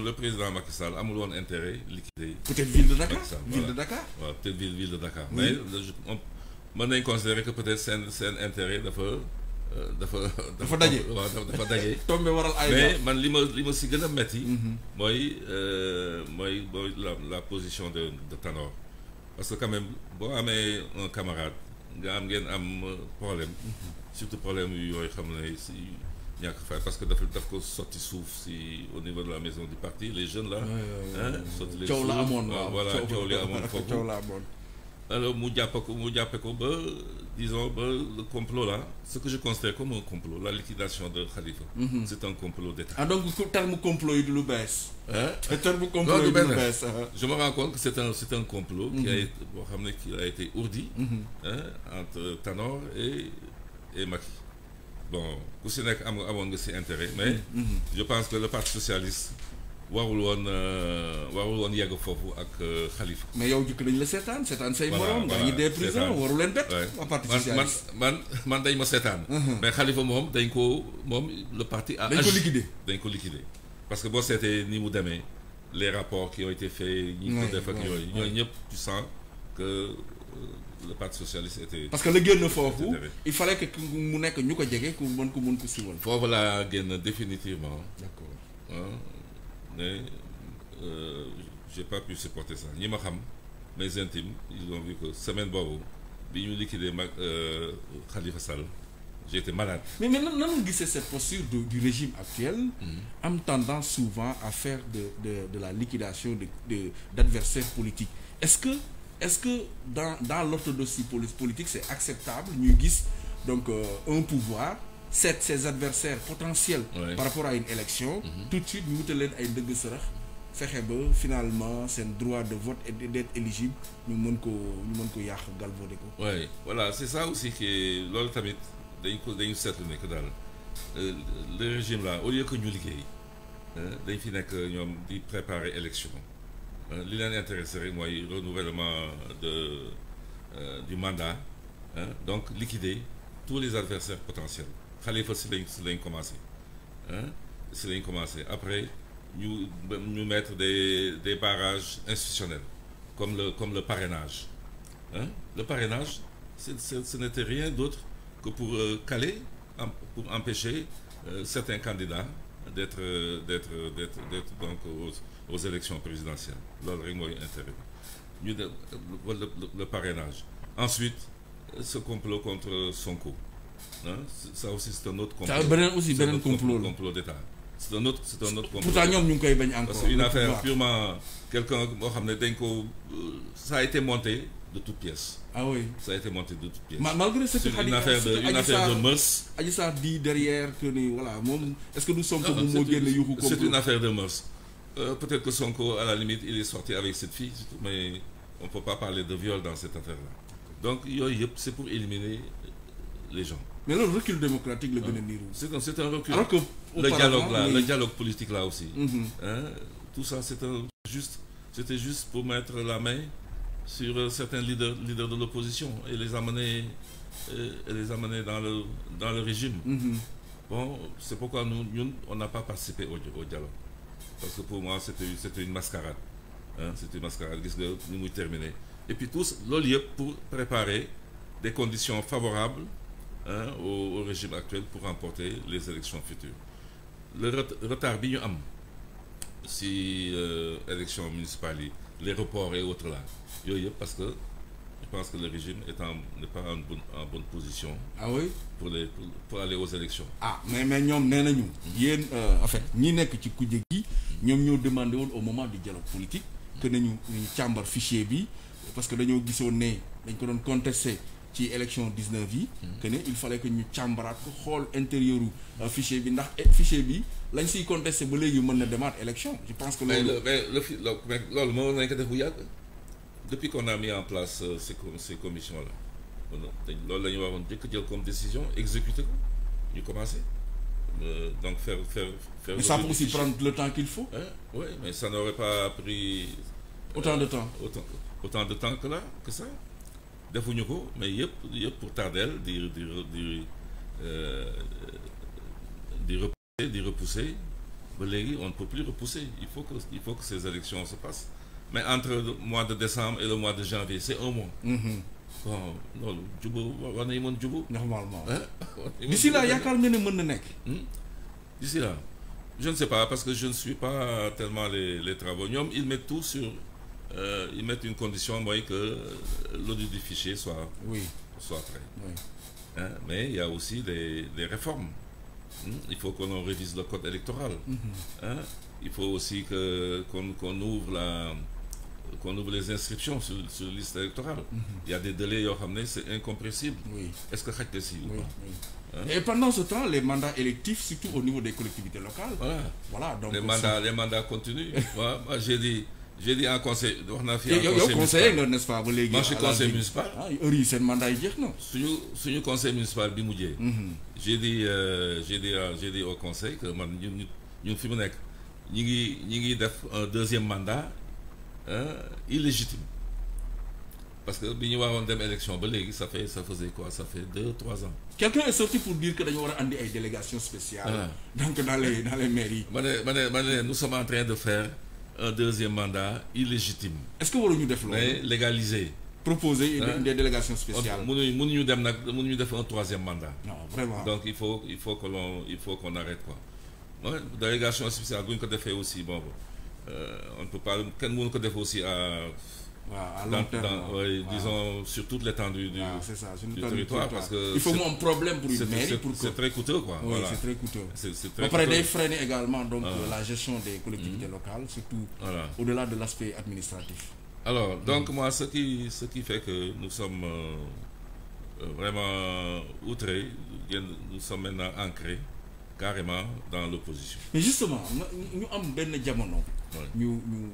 le président Macky Sall, a un intérêt liquider. Peut-être ville de Dakar Ville de Dakar Peut-être ville, de Dakar. Mais, mën nañ considérer que peut-être seen seen intérêt dafa euh, dafa dafa daje waaw dafa daje <laughs> tombé waral ay mais man li ma li ma si gën a metti mhm. mooy euh, mooy mooy la la position de de Tanor parce que quand même boo amee un camarade nga am ngeen am problème mhm. surtout problème yu yooyu xam ne si ñàkk fay parce que dafa daf ko sotti suuf si au niveau de la maison du parti les jeunes là hein sotti les suuf coow la amoon ah, waaw voilà coow li amoon <laughs> foofu alors mu disons ba le complot là ce que je considère comme un complot la liquidation de Khalifa. Mhm. c'est un complot d'État. ah donc terme complot de du hein, Le terme complot yi du hein. je me rends compte que c'est un un complot. qui a mhm. été qui a été ourdi. Mhm. hein, entre Tanor et et bon ku si nekk am intérêt mais. je pense que le parti socialiste warul won euh, warul woon yegg fofu ak xalifa. Euh, mais yow jëkk dañu la seetaan seetaan say morom. voilà ñu dee prison waru len bett. en parti man man man dañ ma seetaan. Uhhuh. mais khalifa mom dañ ko mom le parti. a dañ ko liquider dañ ko liquider. parce que bon c'était ni mu les rapports qui ont été faits. ñi ko def ak yooyu ñooyu ñëpp tu sens que euh, le parti socialiste était. parce que la génn fofu il fallait que mu ñuko ñu ko jege mën ko mën ko siwal. fofu la génn définitivement. d'accord. Hein? mais euh, j'ai pas pu supporter ça ni ma mes intimes ils ont vu que semaine dernière, biñu liquidé euh, Khalifa Sall j'étais malade. mais maintenant, nous cette posture du, régime actuel. en hmm. tendance souvent à faire de la liquidation de d'adversaires politiques est-ce que est-ce que dans dans l'orthodoxie politique c'est acceptable ñuy donc euh, un pouvoir sept, ses adversaires potentiels par rapport à une élection mhm. tout de suite nous devons leen ay droit de vote et d'être éligible Nous mën ko ñu oui voilà c'est ça aussi que l'autre tamit dañ euh, le régime là au lieu que nous l'ayons, nous fi préparé l'élection. di préparer élection hein, li leen intéressé rek renouvellement de euh, du mandat hein, donc liquider tous les adversaires potentiels Khalifa si hein? après nous nous mettre des des barrages institutionnels comme le comme le parrainage hein le parrainage ce n'était rien d'autre que pour euh, caler pour empêcher euh, certains candidats euh, d'être d'être donc aux, aux élections présidentielles le parrainage ensuite ce complot contre Sonko Hein? ça aussi c'est un autre complot c'est aussi autre complot d'état complot un autre c'est un autre complot pourtant une affaire purement quelqu'un ça a été monté de toutes pièces. ah oui ça a été monté de toutes pièces. malgré ce que une affaire de une affaire de mœurs. Adissa dit derrière que voilà est ce que nous sommes moom moo génn yuuxu ko. C'est une affaire de mœurs. Euh, peut être que Sonko à la limite il est sorti avec cette fille mais on ne peut pas parler de viol dans cette affaire là donc c'est pour éliminer les gens. Mais le recul démocratique, le C'est un recul. le, dialogue, là, le dialogue politique là aussi. Mhm. Hein, tout ça, c'était juste, juste pour mettre la main sur euh, certains leaders, leaders de l'opposition et les amener, euh, les amener dans, le, dans le régime. Mhm. Bon, c'est pourquoi nous, on n'a pas participé au, dialogue. Parce que pour moi, c'était une mascarade. C'était une mascarade. Nous, hein, nous terminé. Et puis tous, le lieu pour préparer des conditions favorables Hein, au, régime actuel pour remporter les élections futures. Le retard bi am si euh, élections municipales les reports et autres là Yo yo parce que je pense que le régime est en n'est pas en bonne en bonne position. ah oui pour les pour, aller aux élections ah mais mais nous nee Nous yéen euh, en fait ñi ci demandé au moment du dialogue politique. que nañu chambre fichier bi parce que nous avons dit dañ ko doon contesté ci élection 19 yi. que il fallait que ñu càmbaraat ko xool intérieur fichier bi ndax fichier bi lañ siy contesté ba léegi mën na demaat élection je pense que. loolu mais loolu moo nañ ko def bu yàgg depuis qu'on a mis en place euh, ces ces commissions là loolu la ñu waroon jëkk jël comme décision exécuter ko ñu commencé euh, donc faire faire. faire mais ça peut aussi prendre le temps qu'il faut. Hein? oui mais ça n'aurait pas pris. autant de euh, temps autant autant de temps que là que ça defuñu ko mais yëpp pour tarder, di di di euh, di repousser repousser on ne peut plus repousser il faut que il faut que ces élections se passent mais entre le mois de décembre et le mois de janvier c'est un mois mm-hmm. bon loolu jubóo war nañu mën jubóo normalement hein? <laughs> d'ici là yaakaar nga ne mën na nekk hmm? d'ici là je ne sais pas parce que je ne suis pas tellement les travaux ils mettent tout sur euh, ils mettent une condition voyez que euh, l'audit du fichier soit, oui. soit prêt. Hein, mais il y a aussi des, des réformes. Hein, il faut qu'on révise le code électoral. Mm-hmm. Hein, il faut aussi qu'on ouvre la qu'on ouvre les inscriptions sur, sur la liste électorale. Mm-hmm. Il y a des délais, c'est incompressible. Oui. Est-ce que c'est si ou pas Et pendant ce temps, les mandats électifs, surtout au niveau des collectivités locales. Voilà. voilà donc les, mandats, les mandats continuent. voilà, <laughs> J'ai dit, j'ai dit en conseil wax naa fi. un conseil, conseil nga n'est-ce pas ba léegi. moi je suis municipal. ah y a seen mandat yi non na. suñu suñu conseil municipal bi mhm. j'ai dit euh, j'ai dit euh, j'ai dit au conseil que man ñun ñun fi mu nekk ñi ngi ñi un deuxième mandat hein, illégitime parce que bi ñu waawoon dem élection ça fait ça faisait quoi ça fait deux trois ans. quelqu'un est sorti pour dire que nous avons une andi spéciale, ah. donc dans les dans les mairies. ma ne ma nous sommes en train de faire un deuxième mandat illégitime. est-ce que vous def défendre légaliser. proposer une, hein? une délégation spéciale. nous mënuñu dem nag mënuñu un troisième mandat. non vraiment donc il faut il faut que l'on il faut qu'on arrête quoi. Oui, délégation spéciale bu ko aussi bon euh, on ne peut pas kenn mënu ko def aussi à à disons, sur toute l'étendue du, territoire. Parce que Il faut un problème pour une mairie. C'est très coûteux, quoi. Après, des freiner également donc, ah. la gestion des collectivités mhm. locales, surtout au-delà de l'aspect administratif. Alors, donc, mhm. moi, ce qui, ce qui fait que nous sommes euh, euh, vraiment outrés, nous sommes maintenant ancrés carrément dans l'opposition. Mais justement, nous, sommes avons Nous, nous,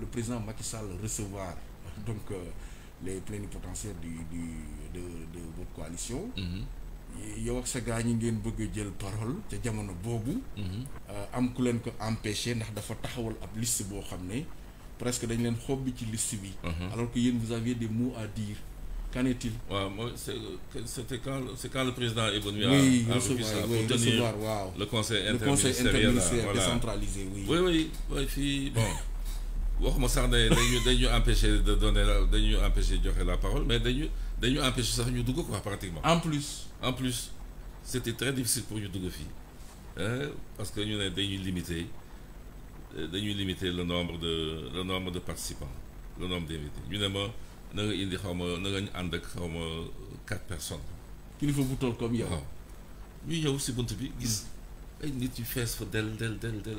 le président Macky Sall recevoir <laughs> donc euh, les plénipotentiaires du, du, de, de votre coalition. Mhm. yow ak sa gaa ñi ngeen bëgg jël parole ca jamono boobu. Mhm. Euh, am ku leen ko empêcher ndax dafa taxawal ab liste bo xamné presque dañ leen xobbi ci liste bi. Mhm. alors que yéen vous aviez des mots à dire qu'en est-il. waaw mooy c'était quand c'est quand le président est venu. oui recevoir oui recevoir waaw. le conseil interministériel le conseil interministériel décentralisé oui. oui oui fi bon waxuma sax ne dañu dañu empêcher de donner la dañu empêcher joxe la parole mais dañu dañu empêcher sax ñu dugg quoi pratiquement. en plus en plus c'était très difficile pour ñu dugg hein, parce que ñu ne dañuy limiter dañuy limiter le nombre de le nombre de participants le nombre d'invités Évidemment, ne ma na nga indi xaw na nga ñu ànd ak quatre personnes. Qu'il bu toll comme yow. waaw ñu ñëw si bunt bi gis hmm. ay nit yu fees fa del del del del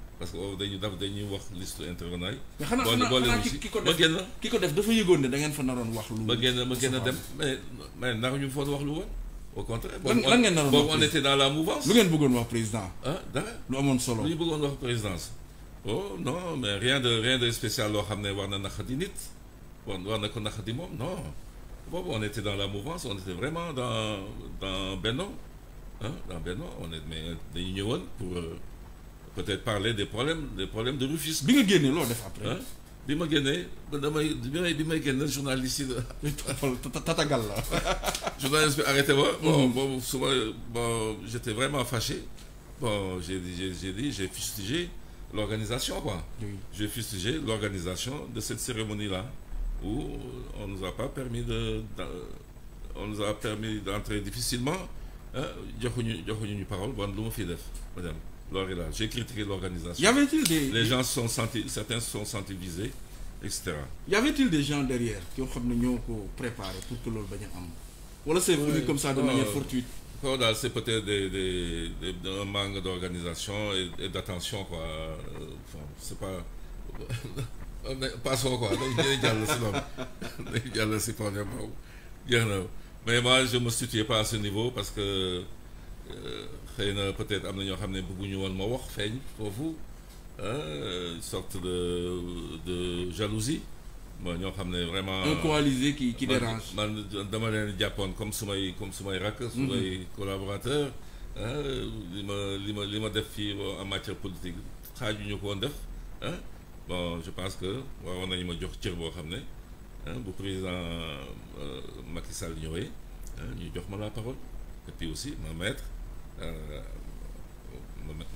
parce que oh, daf dañuy liste ba mais ñu wax lu au contraire on était dans la mouvance. lu ngeen bëggoon wax président. Hein, lu oh non mais rien de rien de spécial war na war na ko non on était dans la mouvance on était vraiment dans dans hein, on est mais pour. Euh, peut-être parler des problèmes des problèmes de Rufus bi nga génnee loolu def après. Hein? bi ma damay bi may bi may journaliste yi de. tatagal la. <laughs> <laughs> journaliste bon mm-hmm. bon souvent bon j'étais vraiment fâché. bon j'ai dit j'ai dit j'ai fustigé l'organisation quoi. Oui. j'ai fustigé l'organisation de cette cérémonie là où on nous a pas permis de, de on nous a permis d'entrer difficilement ah joxuñu joxuñu ñu parole bon lu ma def j'ai critiqué l'organisation. Y avait Les gens sont sentis, certains sont sentis visés, etc. Y avait-il des gens derrière qui ont préparé pour que l'on Voilà, c'est venu comme ça de manière fortuite. C'est peut-être des, des, un manque d'organisation et, d'attention. quoi. Euh, c'est pas. <laughs> Passons quoi. Mais moi, je ne me situais pas à ce niveau parce que. Euh, xëy peut-être am na ñoo xam ne hein, sorte de jalousie vraiment. un coalisé qui dérange. man dama comme comme li li li en matière politique hein. bon je pense que ma jox hein, bu président euh, Macky la parole et puis aussi ma maître. Euh,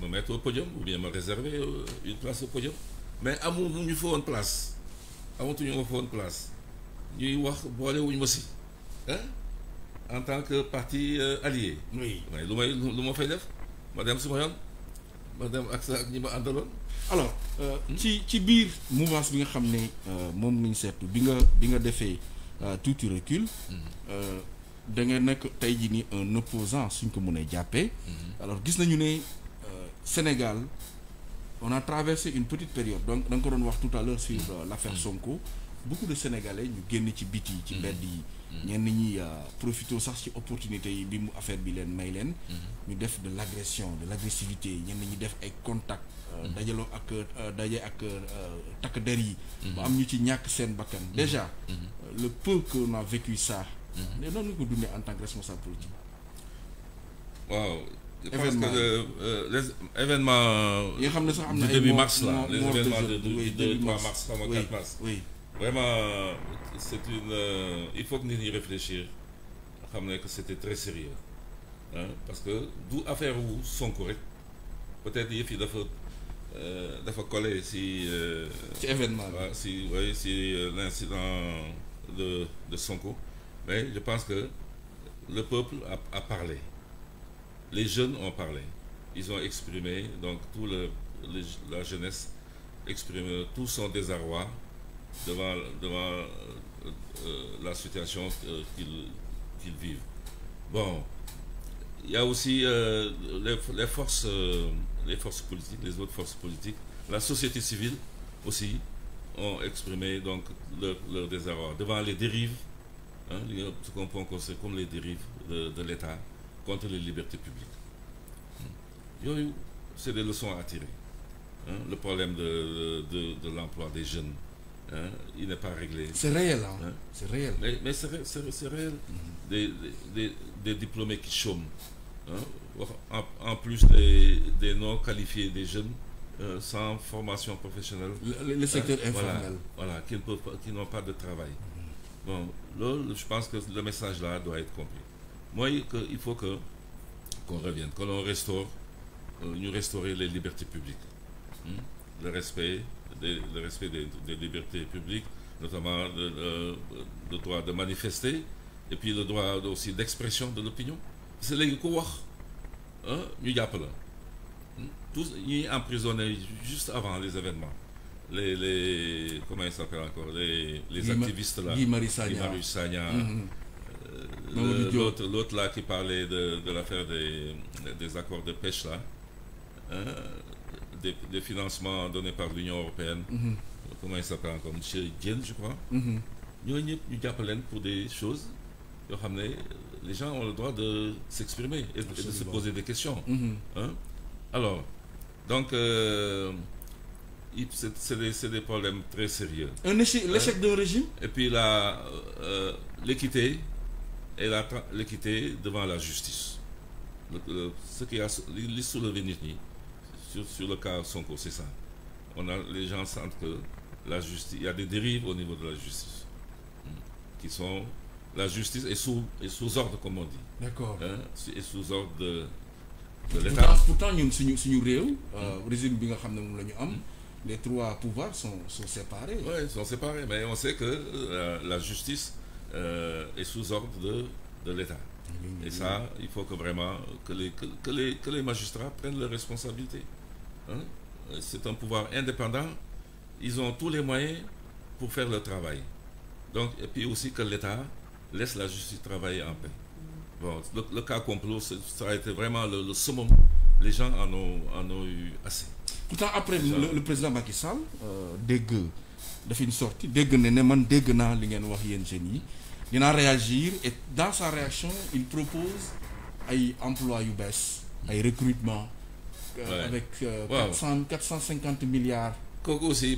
me mettre au podium ou bien me réserver euh, une place au podium mais à amuñu faut une place amatuñu ma faut une place ñuy wax aller où ma si hein? en tant que parti euh, allié. oui mais nous may lu madame fay def madame dem ak alors hmm? ci ci biir mouvance bi nga xam mon moom bien ñu seetlu bi nga bi nga recul. Hmm da nga nekk tey jii un opposant suñ ko mënee jàppee. Mhm. alors gis nañu ne euh, Sénégal on a traversé une petite période donc da nga ko doon wax tout à l'heure sur mhm. euh, l'affaire mhm. Sonko. beaucoup de Sénégalais ñu génn ci biti ci mbedd yi. ñenn ñi euh, profité sax ci opportunité yi bi mu affaire bi leen may leen. ñu def de l'agression de l'agressivité ñenn ñi def ay contacts. dajaloo ak daje ak takk der yi. ba am ñu ci ñàkk seen bakkan. déjà le peu on a vécu ça. Mhm. mais non nous en tant que responsable politique. Waouh, les événements. du mars là les événements de du 2 3 mars 3 4 mars. oui vraiment c'est une euh, il faut que nous y réfléchissions Il faut que c'était très sérieux hein, parce que d'où affaire où Sonko rek peut-être qu'il faut coller si. Euh, euh, l'incident de de Sonko. Mais je pense que le peuple a, parlé. Les jeunes ont parlé. Ils ont exprimé, donc toute la jeunesse exprime tout son désarroi devant, devant euh, euh, la situation qu'ils vivent. Bon, il y a aussi euh, les, forces, les forces politiques, les autres forces politiques, la société civile aussi ont exprimé donc leur, leur désarroi devant les dérives Hein, il y qu'on comme les dérives de, l'État contre les libertés publiques. Hmm. C'est des leçons à tirer. Hein, le problème de, de, l'emploi des jeunes, hein, il n'est pas réglé. C'est réel. Hein. C'est réel. Mais, c'est réel. Mm-hmm. des, des, diplômés qui chôment. En, plus des, non qualifiés des jeunes, euh, sans formation professionnelle. Le, secteur informel. Voilà, qui n'ont pas, de travail. Mm-hmm bon je pense que le message là doit être compris Moi, il faut que qu'on revienne que l'on restaure euh, nous restaurer les libertés publiques hmm? le respect des respect des, libertés publiques notamment euh, le, droit de manifester et puis le droit aussi d'expression de l'opinion c'est les Il wax a pas la tous y emprisonnés juste avant les événements les, les comment ils s'appellent encore les, les activistes là Guy mhm. euh, l'autre là qui parlait de, de l'affaire des, des, accords de pêche là hein? des, financements donnés par l'Union européenne mhm. comment il s'appelle encore Monsieur Gien je crois mhm. nous avons pour des choses les gens ont le droit de s'exprimer et, de se poser des questions hein? alors donc euh, c'est des, problèmes très sérieux. l'échec d'un régime Et puis euh, euh, l'équité et l'équité devant la justice. ce qui a soulevé sur, sur le cas Sonko, c'est ça. On a, les gens sentent que la justice, il y a des dérives au niveau de la justice. Hmm, qui sont. La justice est sous, sous ordre, comme on dit. D'accord. Hein, est sous ordre de, l'État. Pourtant, nous sommes euh, régime les trois pouvoirs sont, séparés. Oui, ils sont séparés. Mais on sait que euh, la, justice euh, est sous ordre de, l'État. Et ça, il faut que vraiment que les, que, les, magistrats prennent leurs responsabilités. Hein. C'est un pouvoir indépendant. Ils ont tous les moyens pour faire leur travail. Donc, et puis aussi que l'État laisse la justice travailler en paix. Bon, le, cas complot, ça a été vraiment le, le summum. Les gens en ont, en ont eu assez pourtant après le, président Macky Sall euh, a fait une sortie Degue ne ne man dégg naa Il a réagi et dans sa réaction il propose un emploi yu à ay recrutement euh, avec 450 euh, milliards c'est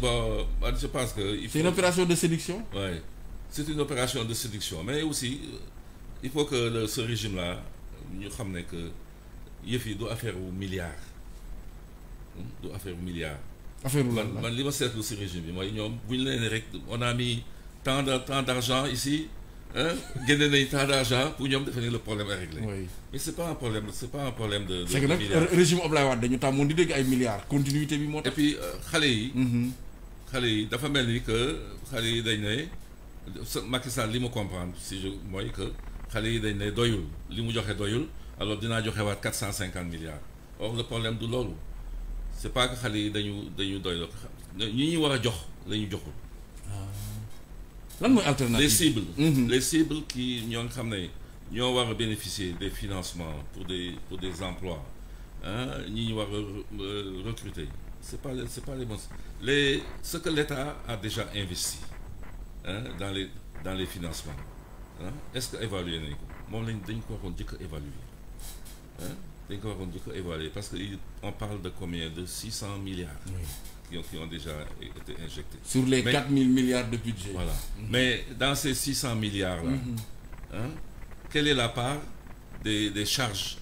une opération de séduction oui c'est une opération de séduction mais aussi il faut que ce régime là nous savons que il yi du affaire milliards du affaire milliard. affaire lu lan man ma seetlu si régime mais mooy ñoom bu ñu leen rek on a mis tant de tant d' ici hein nañ tant d' argent pour ñoom defe nañ le problème est réglé. mais c'est pas un problème c'est pas un problème de. milliard c' est que nag régime Ablaye Wade dañu tàmmoon di dégg ay milliards continuité bi moo et puis euh, xale yi. Mm-hmm. xale yi dafa mel ni que xale yi dañ ne Macky Sall li comprendre si je mooy que xale yi dañ ne doyul li mu doyul alors dina joxe waat quatre cent cinquante milliards or le problème du lolo c'est pas que xale yi dañu dañu doy loo ñi ñuy war a jox la joxul. Ah. lan mooy alternative les cibles. Mhm. les cibles qui ñoo nga xam ne ñoo war a bénéficier des financements pour des pour des emplois hein ñi ñu war a euh, recruter c'est pas c'est pas les bons les ce que l'État a déjà investi hein, dans les dans les financements hein, est-ce que évaluer nañ ko moom lañ dañ ko waxoon jëkk évaluer hein parce qu'on parle de combien de 600 milliards. Qui, ont, déjà été injectés. Sur les 4000 milliards de budget. Voilà. Mhm. Mais dans ces 600 milliards-là, mhm. hein, quelle est la part des, charges,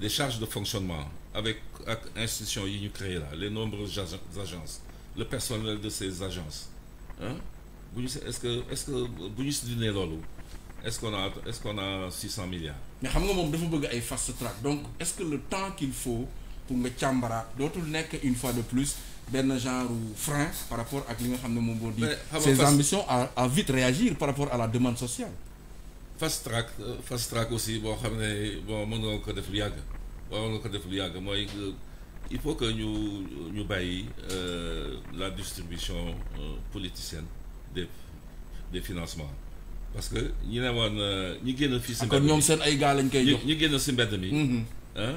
des charges de fonctionnement avec, l'institution institutions les nombreuses agences, le personnel de ces agences hein? Est-ce que, est -ce que est-ce qu'on a est-ce qu'on a 600 milliards. mais xam nga moom dafa bëgg ay fast track donc est-ce que le temps qu'il faut pour nga càmbaraat dootul nekk une fois de plus ben genre France, par rapport à li nga xam ne ses ambitions à à vite réagir par rapport à la demande sociale. fast track euh, fast track aussi boo xam ne bon mën nga ko def lu yàgg waaw mën nga ko def lu moi, il faut que nous ñu euh, la distribution euh, politicienne des des financements parce que ñi ne woon euh, ñi génn fi si. Ah, mbedd kon ñoom seen ay gars lañ koy jox ñi génn si mbedd mi. Mhm. hein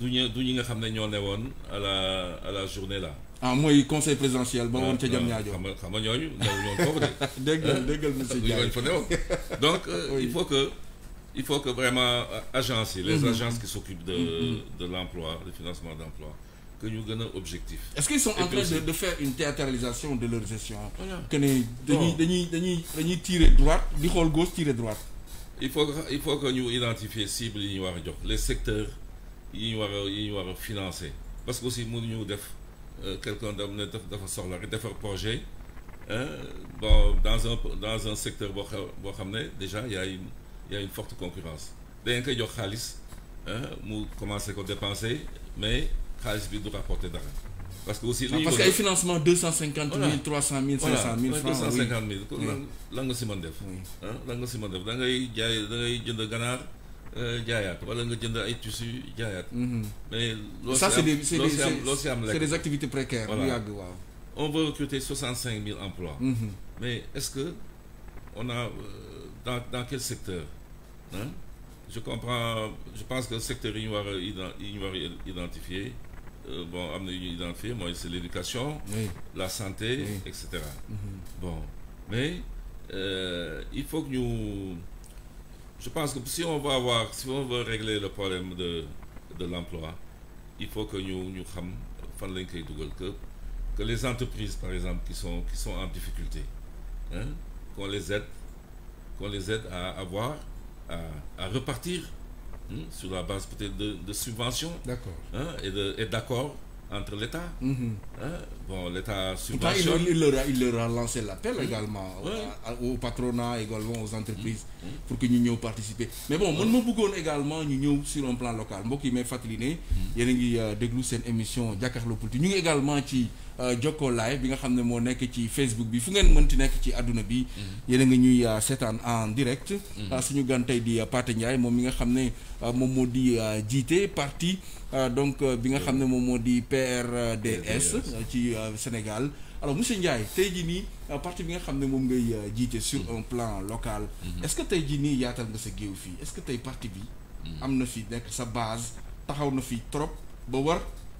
ñu du ñi nga xamné ñoo ne woon à la à la journée là. ah mooy conseil présidentiel ba won ci jam ñaajo xam nga xam nga ñoo ñooñu ñoom <laughs> déggal hein, déggal monsieur Diagne donc euh, il faut que il faut que vraiment euh, agence les mhm. agences qui s'occupent de mhm. de l'emploi le financement d'emploi que ñu objectif. est-ce qu'ils sont en train de, faire une théâtralisation de leur gestion. de que ne tirer droite di xool gauche tirer droite. il faut il faut que ñu identifier cibles yi les secteurs yi ñu war financer parce que aussi nous def euh, quelqu'un qui ne dafa soxla rek projet hein. bon dans un dans un secteur boo xam déjà y a une y a une forte concurrence dañ koy jox nous hein, mu à dépenser mais parce que ah, parce financement 300 000, 500 c'est des activités précaires on veut recruter 65 000 emplois mhm. mais est-ce que on a euh, dans quel secteur hein? je comprends je pense que le secteur identifié euh, bon, amener c'est l'éducation la santé etc. Mm-hmm. bon mais euh, il faut que nous... je pense que si on veut avoir si on veut régler le problème de l'emploi il faut que nous nous que les entreprises par exemple qui sont qui sont en difficulté hein, qu'on les aide qu'on les aide à avoir à repartir Hmm, sur la base peut-être de, subventions hein, et d'accord entre l'État. Mhm. Hein, bon, l'État subventionne. Il, leur, il, leur a, lancé l'appel également au patronat, également aux entreprises, hmm, hmm. pour que nous participions. Mais bon, nous oh. je également nous sur un plan local. Moi qui m'ai il y a Nous euh, également qui Uh, Joko Live bi nga xam ne moo ci facebook bi fu ngeen mënti nekk ci àdduna bi mhm. yéen a ñuy uh, en direct mhm. uh, suñu gan tey di Pate Ndiaye moom mi nga xam ne moom moo parti donc bi nga xam ne moom di PRDS ci Sénégal. alors monsieur Ndiaye tey jii nii parti bi nga xam ne ngay jiite sur mhm. un plan local. est ce que tey jii nii yaatal nga sa géew fii est ce que tey parti bi. am na fi nekk sa base taxaw na fi trop ba war.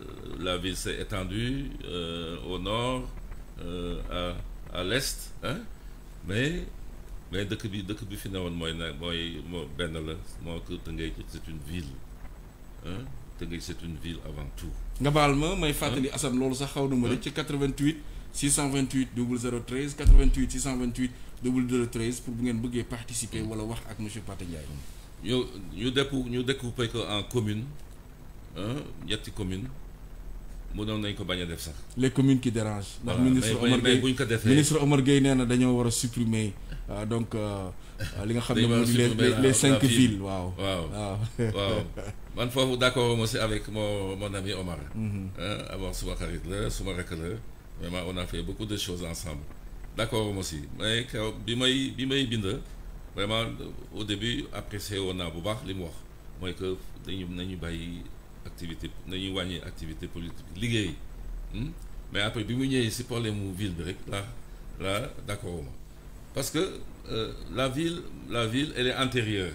Euh, la ville s'est étendue euh, au nord, euh, à, à l'est, hein? mais mais de bi dëkk bi fi newoon mooy nag ben la moo ko Tëngéej c'est une ville ah Tëngéej c'est une ville avant tout. nga mais ma may fàttali Assane loolu sax xaw ma ci 88 628 0013 88 628 0013 pour bu ngeen participer wala wax ak monsieur Pathé Ndiaye. ñu ñu décou ñu découper ko en commune hein ñetti commune mënoon nañ ko bañ def sax. les communes qui dérangent. Le ministre Omar Gueye ministre Omar Gueye nee na dañoo war a supprimer euh, donc euh, euh, li nga xam ne les les cinq villes waaw. waaw waaw man foofu d' accord ma si avec mon mon ami Omar. Mm-hmm. Hein, alors suma xarit la suma rakk vraiment on a fait beaucoup de choses ensemble D'accord accord mais kaw bi may bi may bind vraiment au début après c'est naa bu baax li mu wax mooy que dañu nañu bàyyi activité une activité politique ligué hmm? mais après puis mu ici si problème ville bi là, la parce que euh, la ville la ville elle est antérieure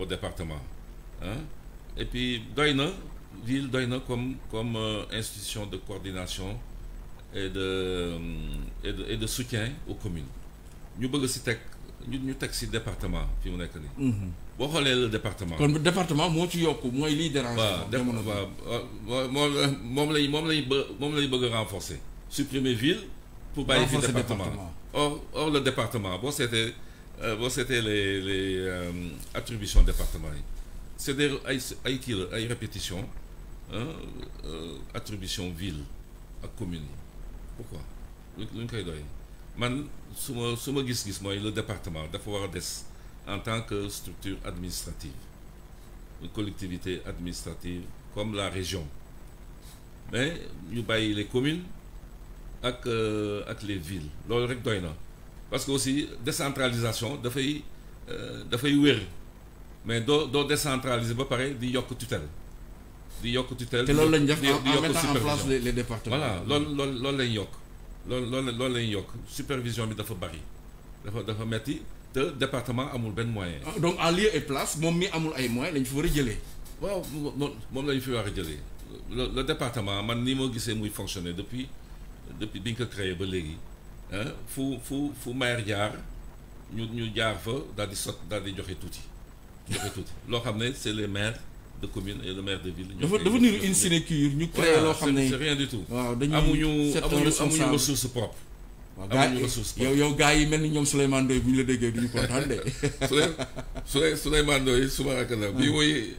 au département hein et puis Doina, ville Doina comme comme euh, institution de coordination euh, et de et de soutien aux communes Nous, bëgg aussi département fi mu nekk boo le département. le département moo renforcer. supprimer ville. pour département or le département euh, les les euh, attributions département c'est répétition hein, euh, attribution ville à commune pourquoi le département en tant que structure administrative, une collectivité administrative comme la région. Mais nous baillons les communes avec, euh, avec les villes. Parce que aussi, décentralisation, de fait, euh, de fait mais doo doo décentraliser ba pareil, di yokk tutelle. di yokk tutelle te loolu l'a def en en place les départements. voilà loolu loolu loolu lañ supervision bi dafa bari dafa te département amul ben moyen. Ah, donc en lieu et place moom mi amul ay moyens lañ fi war a jëlee. waaw moom lañ fi war a le département man ni mo gisee muy fonctionner depuis depuis biñ ko créé ba légui hein fu fu fu maire jaar ñu ñu jaar fa daal di sot dal di joxé touti joxe tuuti loo xam c'est les maires de commune et le maire de ville. dafa dafa niru une sinécure ñu créé lo xamné c'est rien du tout. waaw dañuy amuñu amuñu ressources propres amuñu ressource yow yow gars yi mel ni ñoom Souleymane Ndoye bu ñu la déggee duñu ñu kontaan de. Souleymane Ndoye suma rakk la. bi hmm. muy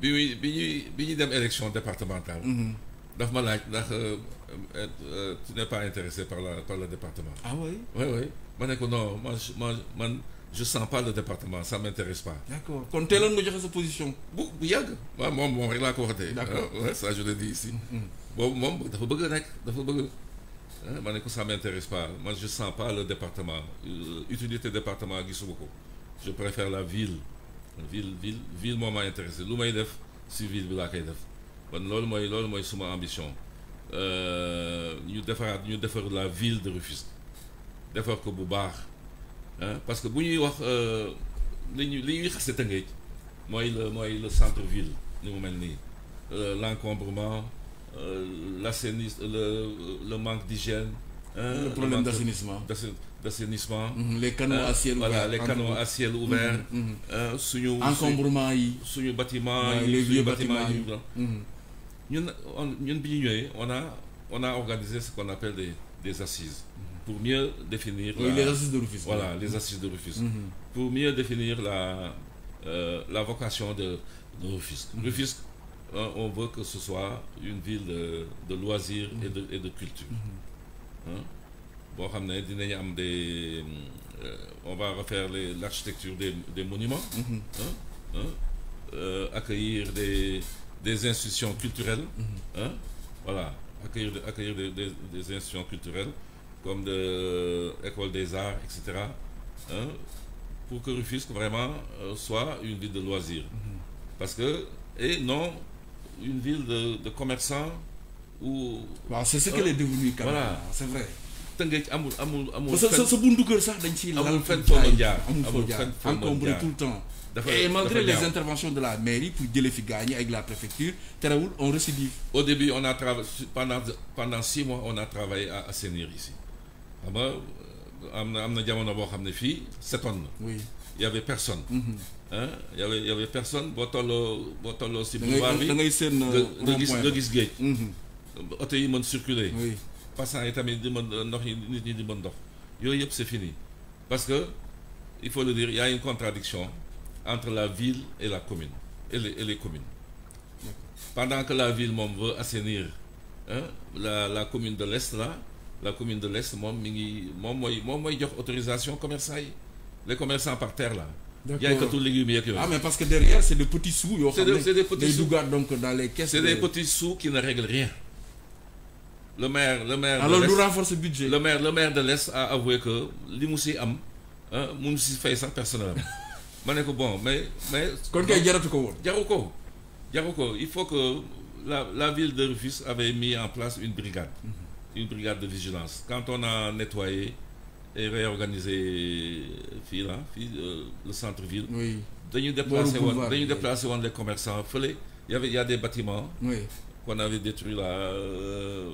bi muy bi ñuy bi ñuy dem élection départementale. Hmm. daf ma laaj ndax euh, euh, tu n'es pas intéressé par la par le département. ah oui oui oui ma ne ko non man man man je sens pas le département ça m'intéresse pas. d'accord kon teeloon nga joxe sa position. bu bu yàgg. waaw moom moom rek laa ko wax de. d'accord ah, ça je le dis ici. Hmm. boobu moom dafa bëgg rek dafa bëgg. Hein, ma ko ça m'intéresse pas man je sens pas le département euh, utilité département gisuma ko je préfère la ville ville ville ville moo ma intéressé may def si ville bi laa koy def bon loolu mooy loolu mooy suma ambition euh, ñu defaraat ñu la ville de Rufisque defar ko bu baax hein, parce que bu ñuy wax euh, li ñu li ñuy xase Tëngéej le mooy le centre ville ni mu mel l'encombrement euh, le, le, manque d'hygiène. Hein, le problème d'assainissement. d'assainissement. Mm -hmm. Les canaux hein, à ciel ouvert. Voilà, les canaux à ciel ouvert. Encombrement. Sur bâtiment. Les vieux bâtiments. On a, on a organisé ce qu'on appelle des, des assises mhm. pour mieux définir. Oui, la, les assises de Rufus. Voilà, oui. les assises de Rufus. Mm -hmm. Pour mieux définir la, euh, la vocation de, de Rufus. Mm -hmm. Hein, on veut que ce soit une ville de, loisirs et de, et de culture. Mhm. Hein? des, euh, on va refaire l'architecture des, des, monuments, mhm. hein? Hein? Euh, accueillir des, des, institutions culturelles, mhm. voilà, accueillir, accueillir des, institutions culturelles comme de l'école euh, des arts, etc. pour que Rufusque vraiment soit une ville de loisirs. Parce que, et non une ville de, commerçants où. c'est ce qu'elle est devenue C'est vrai. que ce tout le temps. Et malgré les interventions de la mairie puis les fi avec la préfecture, Terraoul on récidive. Au début on a travaillé pendant pendant six mois on a travaillé à assainir ici. amna euh, amna Oui il y avait personne. Mhm. Hein? il y avait y avait personne personne. Il n'y personne si. y n'y avait personne. circuler. c'est fini parce que il faut le dire il y a une contradiction entre la ville et la commune et les et les communes. pendant que la ville veut assainir hein, la la commune de l'est la commune de l'est moom personne. autorisation commerciale les commerçants par terre là. il tous les légumes a que. ah mais parce que derrière c'est des petits sous C'est xam ne c' des petits sous donc dans les caisses. C'est des petits sous qui ne règlent rien. le maire le maire. alors nous renforce budget. le maire le maire de l'Est a avoué que li am mu si hein, fait ça personnellement. <laughs> mais ne bon mais mais. kon kay jaratu ko woon. jaru ko jaru ko il faut que la la ville de Rufisque avait mis en place une brigade. Mhm. une brigade de vigilance quand on a nettoyé et réorganiser hein, euh, le centre ville. oui dañu déplacé les commerçants Il y avait y a des bâtiments. oui qu'on avait détruit là euh,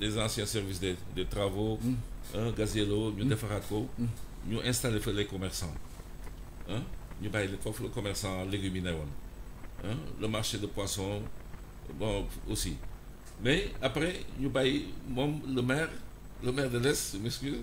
les anciens services des travaux. Mm. nous, hein, gaziello nous nous mm. ko. Mm. installé les commerçants. Nous hein. ñu le les le légumineux le marché de poissons bon aussi mais après nous avons le maire le maire de l'Est monsieur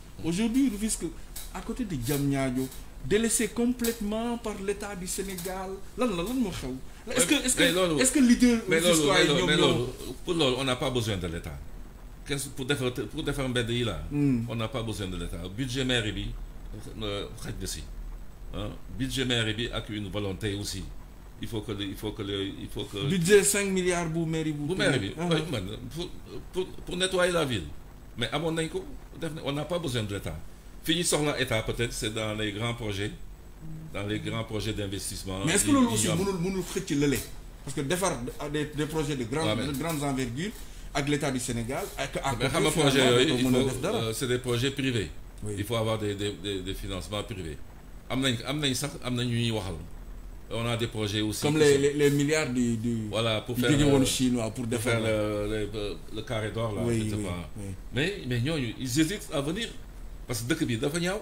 Aujourd'hui, que à côté de Djamnyadjo, délaissé complètement par l'État du Sénégal, là, là, là, là est-ce que, est-ce que, est-ce que l'idée pour l'eau, on n'a pas besoin de l'État. Pour défendre, pour faire BDI, là, hmm. on n'a pas besoin de l'État. Budget mairie, bi, euh, hein? budget mairie a une volonté aussi. Il faut que, le, il faut que, le, il faut que. Budget 5 milliards ah. pour mairie, pour, pour nettoyer la ville mais à on n'a pas besoin de l'état fini sur peut-être c'est dans les grands projets dans les grands projets d'investissement mais est-ce que nous aussi nous mënul xëcc parce que des projets de grandes envergures avec l'état du Sénégal euh, c'est des projets privés il faut avoir des des des financements privés on a des projets aussi. Comme les, les, milliards du, du, voilà, pour faire, euh, chinois pour, le, le, carré d'or. là oui, Mais, mais ils hésitent à venir. Parce que hein,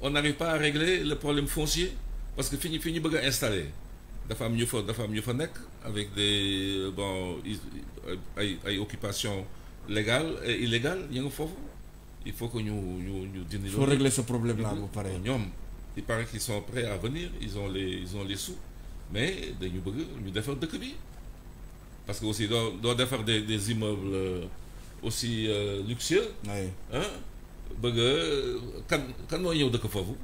on n'arrive pas à régler le problème foncier. Parce que fini, fini, installer. D'affaires mieux avec des euh, bon, occupations légales et illégales. Il faut que nous, nous, nous, Il faut régler ce problème-là, vous parlez il paraît qu'ils sont prêts à venir, ils ont les, ils ont les sous, mais dañu bëgg ñu defar dëkk bi parce que aussi doo doo defar des des immeubles euh, aussi euh, luxueux. oui ah bëgg euh, kan kan moo ñëw dëkk foofu.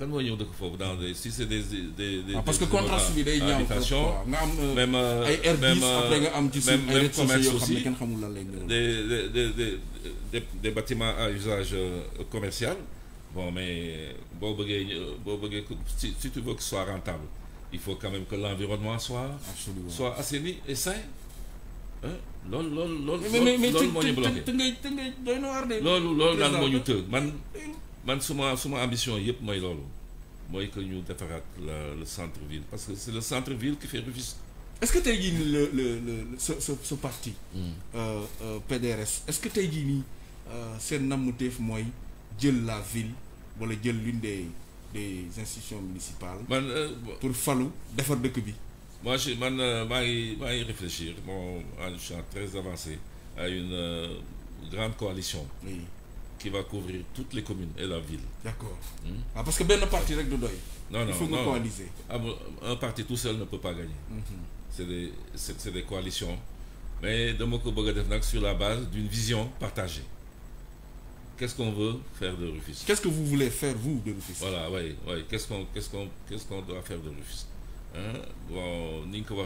kan moo ñëw dëkk foofu dans des si c'est des des des. Ah, parce que contre contraste bi day ñaaw nga am euh, même ay Airbus après nga am ci suuf ay réseaux sociaux yoo xam des des des des bâtiments à usage commercial bon mais euh, euh, si tu veux que ce soit rentable il faut quand même que l'environnement soit. soit assaini et sain. Hein ambition le centre ville parce que c'est le centre ville qui fait est-ce que tu as ce parti. Hmm. Euh, PDRS est-ce que que euh, un motif de la ville wala jël l'une des institutions municipales. Euh, pour falou defar de bi. moi je man y euh, réfléchir bon je suis très avancé à une euh, grande coalition. qui va couvrir toutes les communes et la ville. d'accord hmm? ah, parce que un parti rek de doy. non il faut nous coaliser. Ah, un parti tout seul ne peut pas gagner. Mhm. c'est des des coalitions mais de mon sur la base d'une vision partagée qu'est-ce qu'on veut faire de Rufus Qu'est-ce que vous voulez faire, vous, de Rufus Voilà, oui, oui. Qu'est-ce qu'on doit faire de Rufus hein? Bon, Ninka va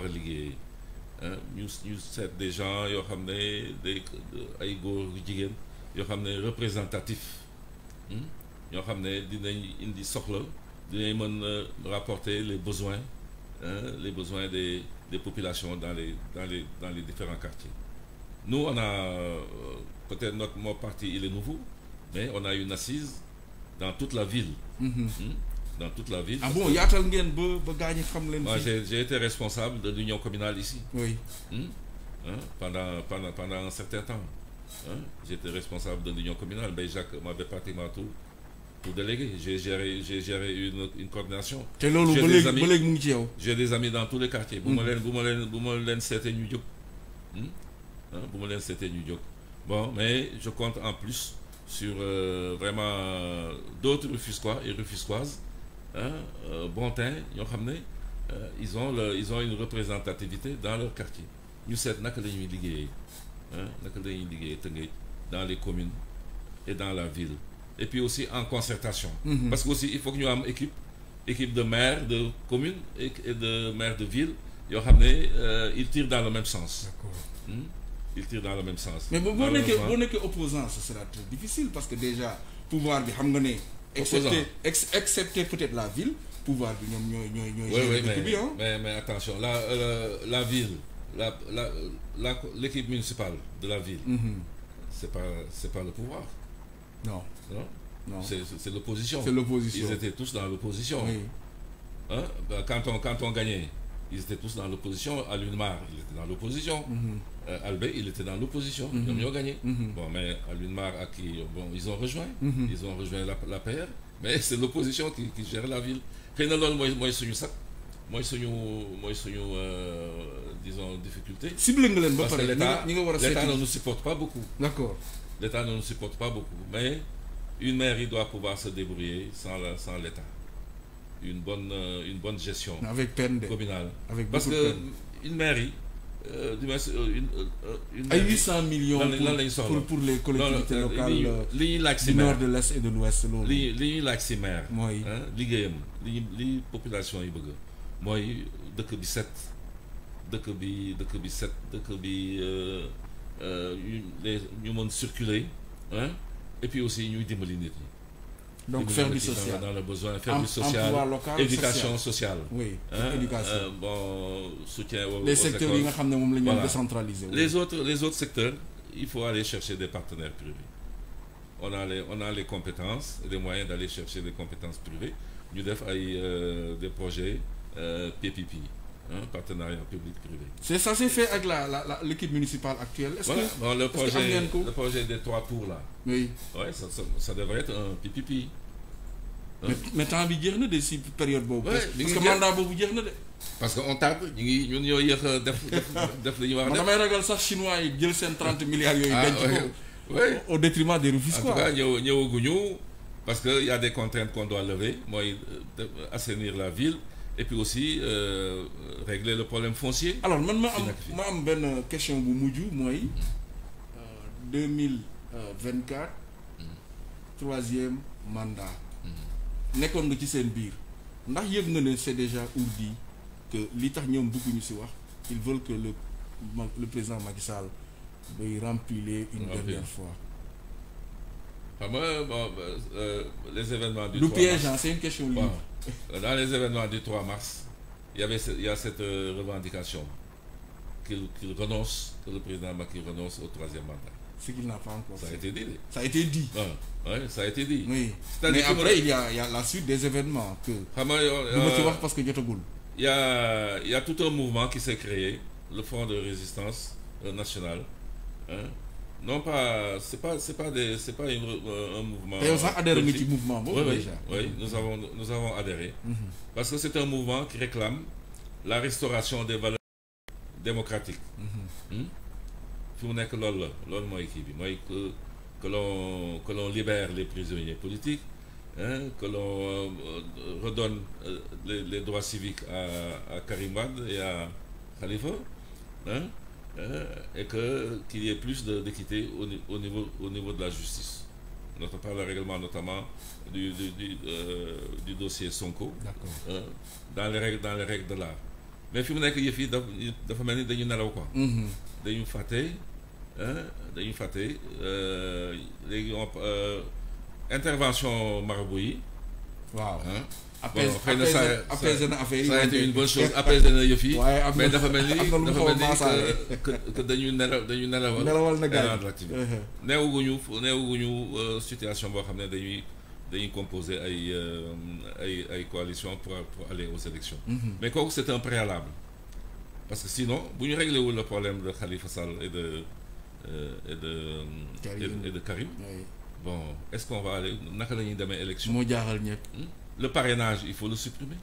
Nous sommes des gens, ils ont des Nous sommes des représentatifs. Ils ont des socle, ils ont rapporter les besoins, hein? les besoins des, populations dans les, différents quartiers. Nous, on a euh, peut-être notre mot parti, il est nouveau, mais on a une assise dans toute la ville. Mhm. -hmm. Dans toute la ville. Ah bon, il y a Moi, j'ai été responsable de l'union communale ici. Oui. Hmm? Hein? Pendant, pendant, pendant un certain temps. Hein? J'étais responsable de l'union communale. Ben, Jacques m'avait pratiquement tout pour déléguer. J'ai géré, géré une, une coordination. J'ai des, amis, des amis dans tous les quartiers. Bon, mais je compte en plus sur euh, vraiment d'autres Rufusquois et Rufusquoises, hein, euh, euh, ils ont ils, ont ils ont une représentativité dans leur quartier. Nous sommes hein, dans les communes et dans la ville. Et puis aussi en concertation. Mm-hmm. parce Parce qu'il faut que nous ayons une équipe, équipe de maires de communes et, de maires de ville. Ils, ils tirent dans le même sens. D'accord. Hmm? il tire dans le même sens. mais vous que qu'opposant, que opposant ce sera très difficile parce que déjà pouvoir de Hamgane, accepter, peut-être la ville pouvoir de hein. mais attention la euh, la ville la la l'équipe municipale de la ville. Mhm. c'est pas c'est pas le pouvoir. non non. c'est l'opposition. c'est l'opposition ils étaient tous dans l'opposition. Hein? Bah, quand on quand on gagnait ils étaient tous dans l'opposition. Alunmar, il était dans l'opposition. Mhm. Euh, Albert, il était dans l'opposition. Ils ont mieux gagné. Mhm. Bon, mais Alunmar, à qui bon, ils ont rejoint. Mhm. Ils ont rejoint la, la PR. Mais <laughs> c'est l'opposition qui, gère la ville. Finalement, moi, moi, je ça. Moi, je suis, disons, difficulté. Parce l'État ne nous supporte pas beaucoup. D'accord. L'État ne nous supporte pas beaucoup. Mais une mairie doit pouvoir se débrouiller sans l'État une bonne, euh, une bonne gestion avec peine de, communale. Avec Parce que une mairie, euh, euh une, euh, une mairie, à 800 millions pour, pour, pour, pour, les collectivités non, locales li, li, li, du nord, de l'est et de l'ouest. Li les laaj si maire. mooy hein, liggéeyam li li population yi bëgg mooy dëkk bi set dëkk bi dëkk bi set dëkk bi ñu mën circuler hein, et puis aussi ñuy dimbali donc faire du social. Dans besoin, éducation sociale. Oui, hein, euh, soutien Les Les, autres, les autres secteurs, il faut aller chercher des partenaires privés. On a les, on a les compétences, les moyens d'aller chercher des compétences privées. Nous devons euh, des projets PPP. Euh, un hein? partenariat public-privé. C'est ça, c'est fait avec l'équipe municipale actuelle. est Voilà. Que, bon, le, projet, le projet des trois tours là. Oui. Ouais, ça, ça, ça devrait être un pipi pipi hein? Mais tu as envie na de des six périodes parce que mandat vous dire de. parce que on tape ñu ngi ñun ñoo yéex a def def li chinois ils jël milliards yooyu. ah oui au détriment des rues en tout cas parce que y a des contraintes qu'on doit lever moi euh, assainir la ville et puis aussi euh, régler le problème foncier. alors maintenant ma am question bu mujj mooy euh, deux 2024 mm. troisième mandat. Je mm. nga ci seen biir ndax yëg nga ne c'est déjà dit que li tax beaucoup de si wax ils veulent que le le président Macky Sall bay une dernière fois. xam nga bon euh, les événements. du piège hein, c'est une question libre dans les événements du 3 mars, il y, avait, il y a cette euh, revendication qu'il renonce, que le président Macky renonce au troisième mandat. Ce qu'il n'a pas encore Ça a été dit. Ça a été dit. Ah, ça a été dit. Mais après, il y, a, la suite des événements que. Ah, euh, euh, parce il y, a, il y a tout un mouvement qui s'est créé, le Front de résistance nationale, hein, non pas c'est pas c'est pas c'est pas euh, un mouvement. Et on adhéré au mouvement. oui, déjà. oui, nous avons nous avons adhéré mhm. parce que c'est un mouvement qui réclame la restauration des valeurs démocratiques. si mhm. hmm? mu que l'on que l'on libère les prisonniers politiques hein, que l'on euh, redonne euh, les, droits civiques à à Karim et à Khalifa hein. Hein, et que qu'il y ait plus d'équité au, niveau, au niveau de la justice. Notre par le règlement notamment du, du, euh, dossier Sonko, hein, dans, les règles, dans les règles de l'art. Mais il que quoi. Mm-hmm. Hein, euh, euh, intervention après apaiser na affaire yi. ça a été une bonne chose apaiser na yëf yi. waaye am na dafa mel ni dafa mel ni que dañuy nelaw dañuy nelawal. nelawal na gars yi uh-huh. neewaguñu neewaguñu euh, situation boo xam ne dañuy composer ay euh, ay ay coalition pour pour aller aux élections mm-hmm. mais kooku c'est un préalable. parce que sinon bu ñu réglé le problème de Khalifa Sall et de euh, et de. et de Karim bon est-ce qu'on va aller naka la ñuy demee élection. moo jaaxal ñëpp. Hmm? le parrainage il faut le supprimer.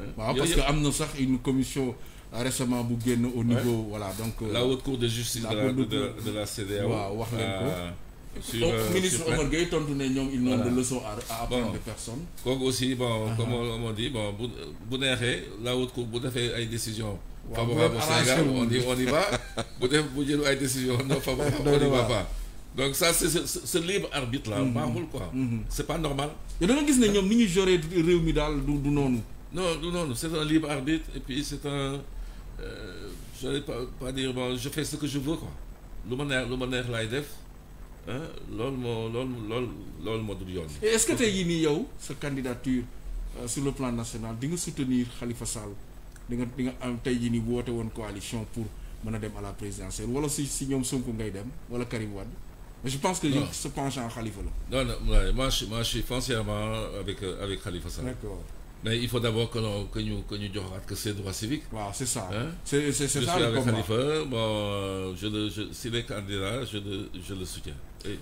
Hein? Bah, parce que am a une commission récemment bu au niveau voilà donc. Euh, la haute cour de justice de la de la CEDEAO euh, sur donc euh, ministre Omar Gueye tontu ne ils n'ont de leçon à apprendre de personnes. Donc, aussi bon ah, comme ah. on dit bon bu la haute cour bu defee une décision. Favorable au Sénégal on dit y va <laughs> bu def une décision. non <laughs> favorable, on n'y va pas donc ça c'est ce libre arbitre là mm-hmm. baaxul quoi mm-hmm. c'est pas normal yow da nga gis ne ni ñu joree réew mi daal du non, noonu non c'est un libre arbitre et puis c'est un euh, je vais pas, pas dire bon je fais ce que je veux quoi lu ma neex lu ma def Hein? moo loolu loolu loolu moo dul yoon est-ce que tey jii nii yow sa candidature euh, sur le plan national di nga soutenir Khalifa Sall di nga di nga am tey jii coalition pour mën dem à la présidentielle wala si si ñoom Sonko ngay dem wala Karim Wade mais je pense que non. se penche en Khalifa. Là. Non, non, moi, je, moi je suis foncièrement avec, euh, avec Khalifa Sall. D'accord. Mais il faut d'abord que, que, nous, que nous que ses droits civiques. Voilà, c'est ça. Hein? C'est ça suis le avec Khalifa, bon, euh, je le, je, s'il est candidat, je le, je le soutiens. Et,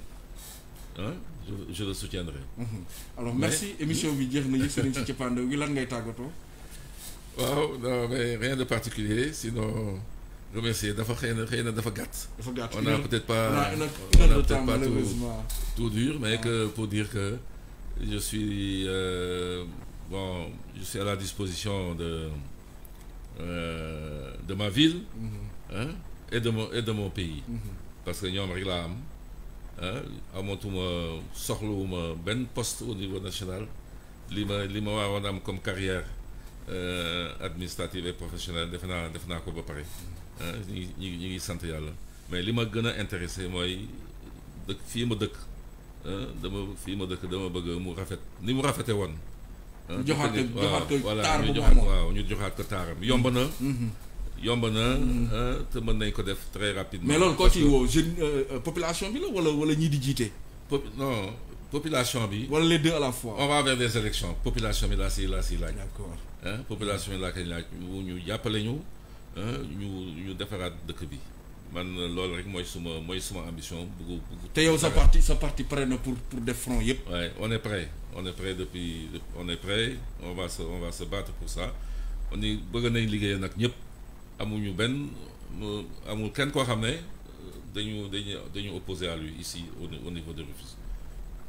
hein? je, je, le soutiendrai. Mm -hmm. Alors, mais, merci, émission Vidir, nous sommes en train là, faire des choses. Wow, non, mais rien de particulier, sinon remercier dafa xëy na xëy na dafa gàtt. dafa gàtt on a peut-être pas on a peut-être pas tout tout dur mais que pour dire que je suis euh, bon je suis à la disposition de euh, de ma ville. Mm-hmm. Hein, et de mon et de mon pays. Mm-hmm. parce que ñoom rek laa am ah amatuma soxlawuma benn poste au niveau national li ma li ma am comme carrière euh, administrative et professionnelle def naa def naa ko ba pare. Mm-hmm ñu ngi ñu ngi sant yàlla mais li ma gën a intéressé mooy dëkk fii ma dëkk hein, dama fii ma dëkk dama bëgg mu rafet ni mu rafete woon. Hein, joxaat ko joxaat ko taar bu mu waaw ñu joxaat ko taaram yomb na. Mm-hmm. Mm-hmm. yomb na hein, te mën nañ ko def très rapidement. mais loolu koo ci woo jeune euh, population bi la wala wala ñii di jiite. non population bi. wala les deux à la fois. on va vers des élections population bi laa si laa si laaj. population bi laa koy laaj ñu jàppale ñu. Euh, ñu ñu defaraat dëkk bi man loolu rek mooy suma mooy suma ambition bëgg bëgg. te yow sa parti sa parti prêt na pour pour def front yëpp. ouais, on est prêt on est prêt depuis on est prêt on va se on va se battre pour ça on est bëgg nañ liggéey nag ñëpp amuñu benn amul kenn koo xam ne euh, dañu dañu dañu opposé à lui ici au niveau de Rufisque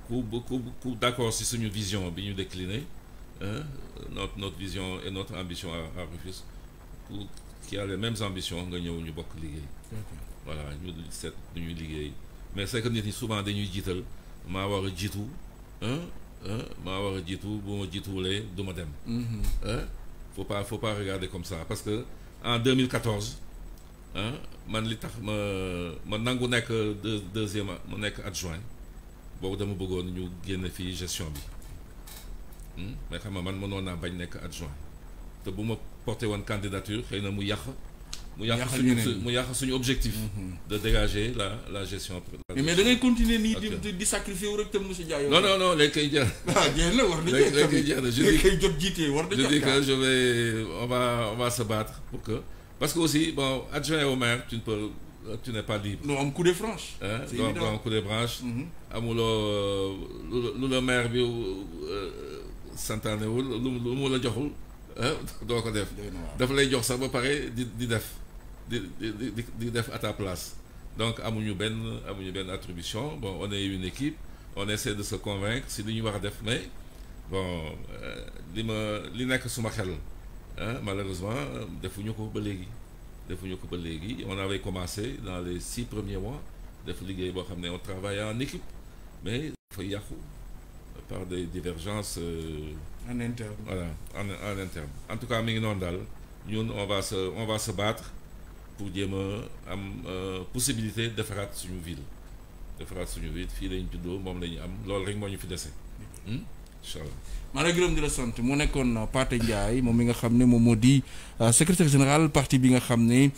ku ku ku d'accord si suñu vision bi ñu décliné hein, euh, notre notre vision et notre ambition à à ku qui a les mêmes ambitions nga nous, ñu bokk voilà nous de mais c'est que nous avons souvent dañuy dit hein, hein, avoir dit tout, nous ma dit tout, mhm. hein, faut pas faut pas regarder comme ça parce que en 2014 hein, man deuxième je adjoint nous dama nous gestion hmm, mais adjoint te bu ma porté candidature xëy na mu yàq. mu yàq suñu mu yàq suñu objectif. Mm-hmm. de dégager la la gestion. mais da ngay continuer nii di di sacrifier wu rek te monsieur Ndiaye. non non non léegi kay jeex na. <laughs> ah jeex na war nañu jeex jot jiite war je dis que je vais on va on va se battre pour que parce que aussi bon adjoint au maire tu ne peux tu n'es pas libre. non am coup de branche. Hein? c'est évident am coup de branche. Mm-hmm. amuloo euh, lu la maire bi euh, santaanewul lu mu la euh, doo ko def dafa lay jox sax ba pare di di def di di di def à ta place donc amuñu ben amuñu ben attribution bon on est une équipe on essaie de se convaincre si li ñu war def mais bon euh, li ma li nekk suma xel hein, malheureusement defuñu ko ba légui defuñu ko ba légui on avait commencé dans les six premiers mois def liggéey bo xamné on travaillait en équipe mais dafa yàqu par des divergences. Euh, en interne. voilà en en interne en tout cas mi ngi noonu ñun on va se on va se battre pour dire a am euh, possibilité de faire ville sur une ville fii lañ juddoo moom la ñu am loolu rek moo ñu fi dese. Hmm? incha allah maa lay gërëm di la sant mu nekkoon euh, Pathé Ndiaye moom mi nga xam ne secrétaire général parti bi nga xam ne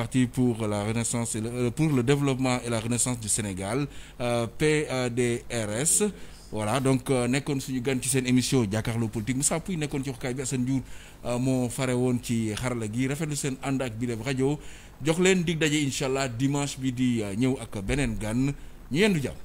parti pour la renaissance et pour le développement et la renaissance du Sénégal PDRS. E voilà donc euh, nekkon suñu gan ci seen émission jakarlo politique musa puy nekkon ci xokay bi sen diour euh, mo faré won ci xarala gi rafetlu sen and ak bilé radio jox len dig dajé inshallah dimanche bi di euh, ñew ak benen gan ñu yendu jam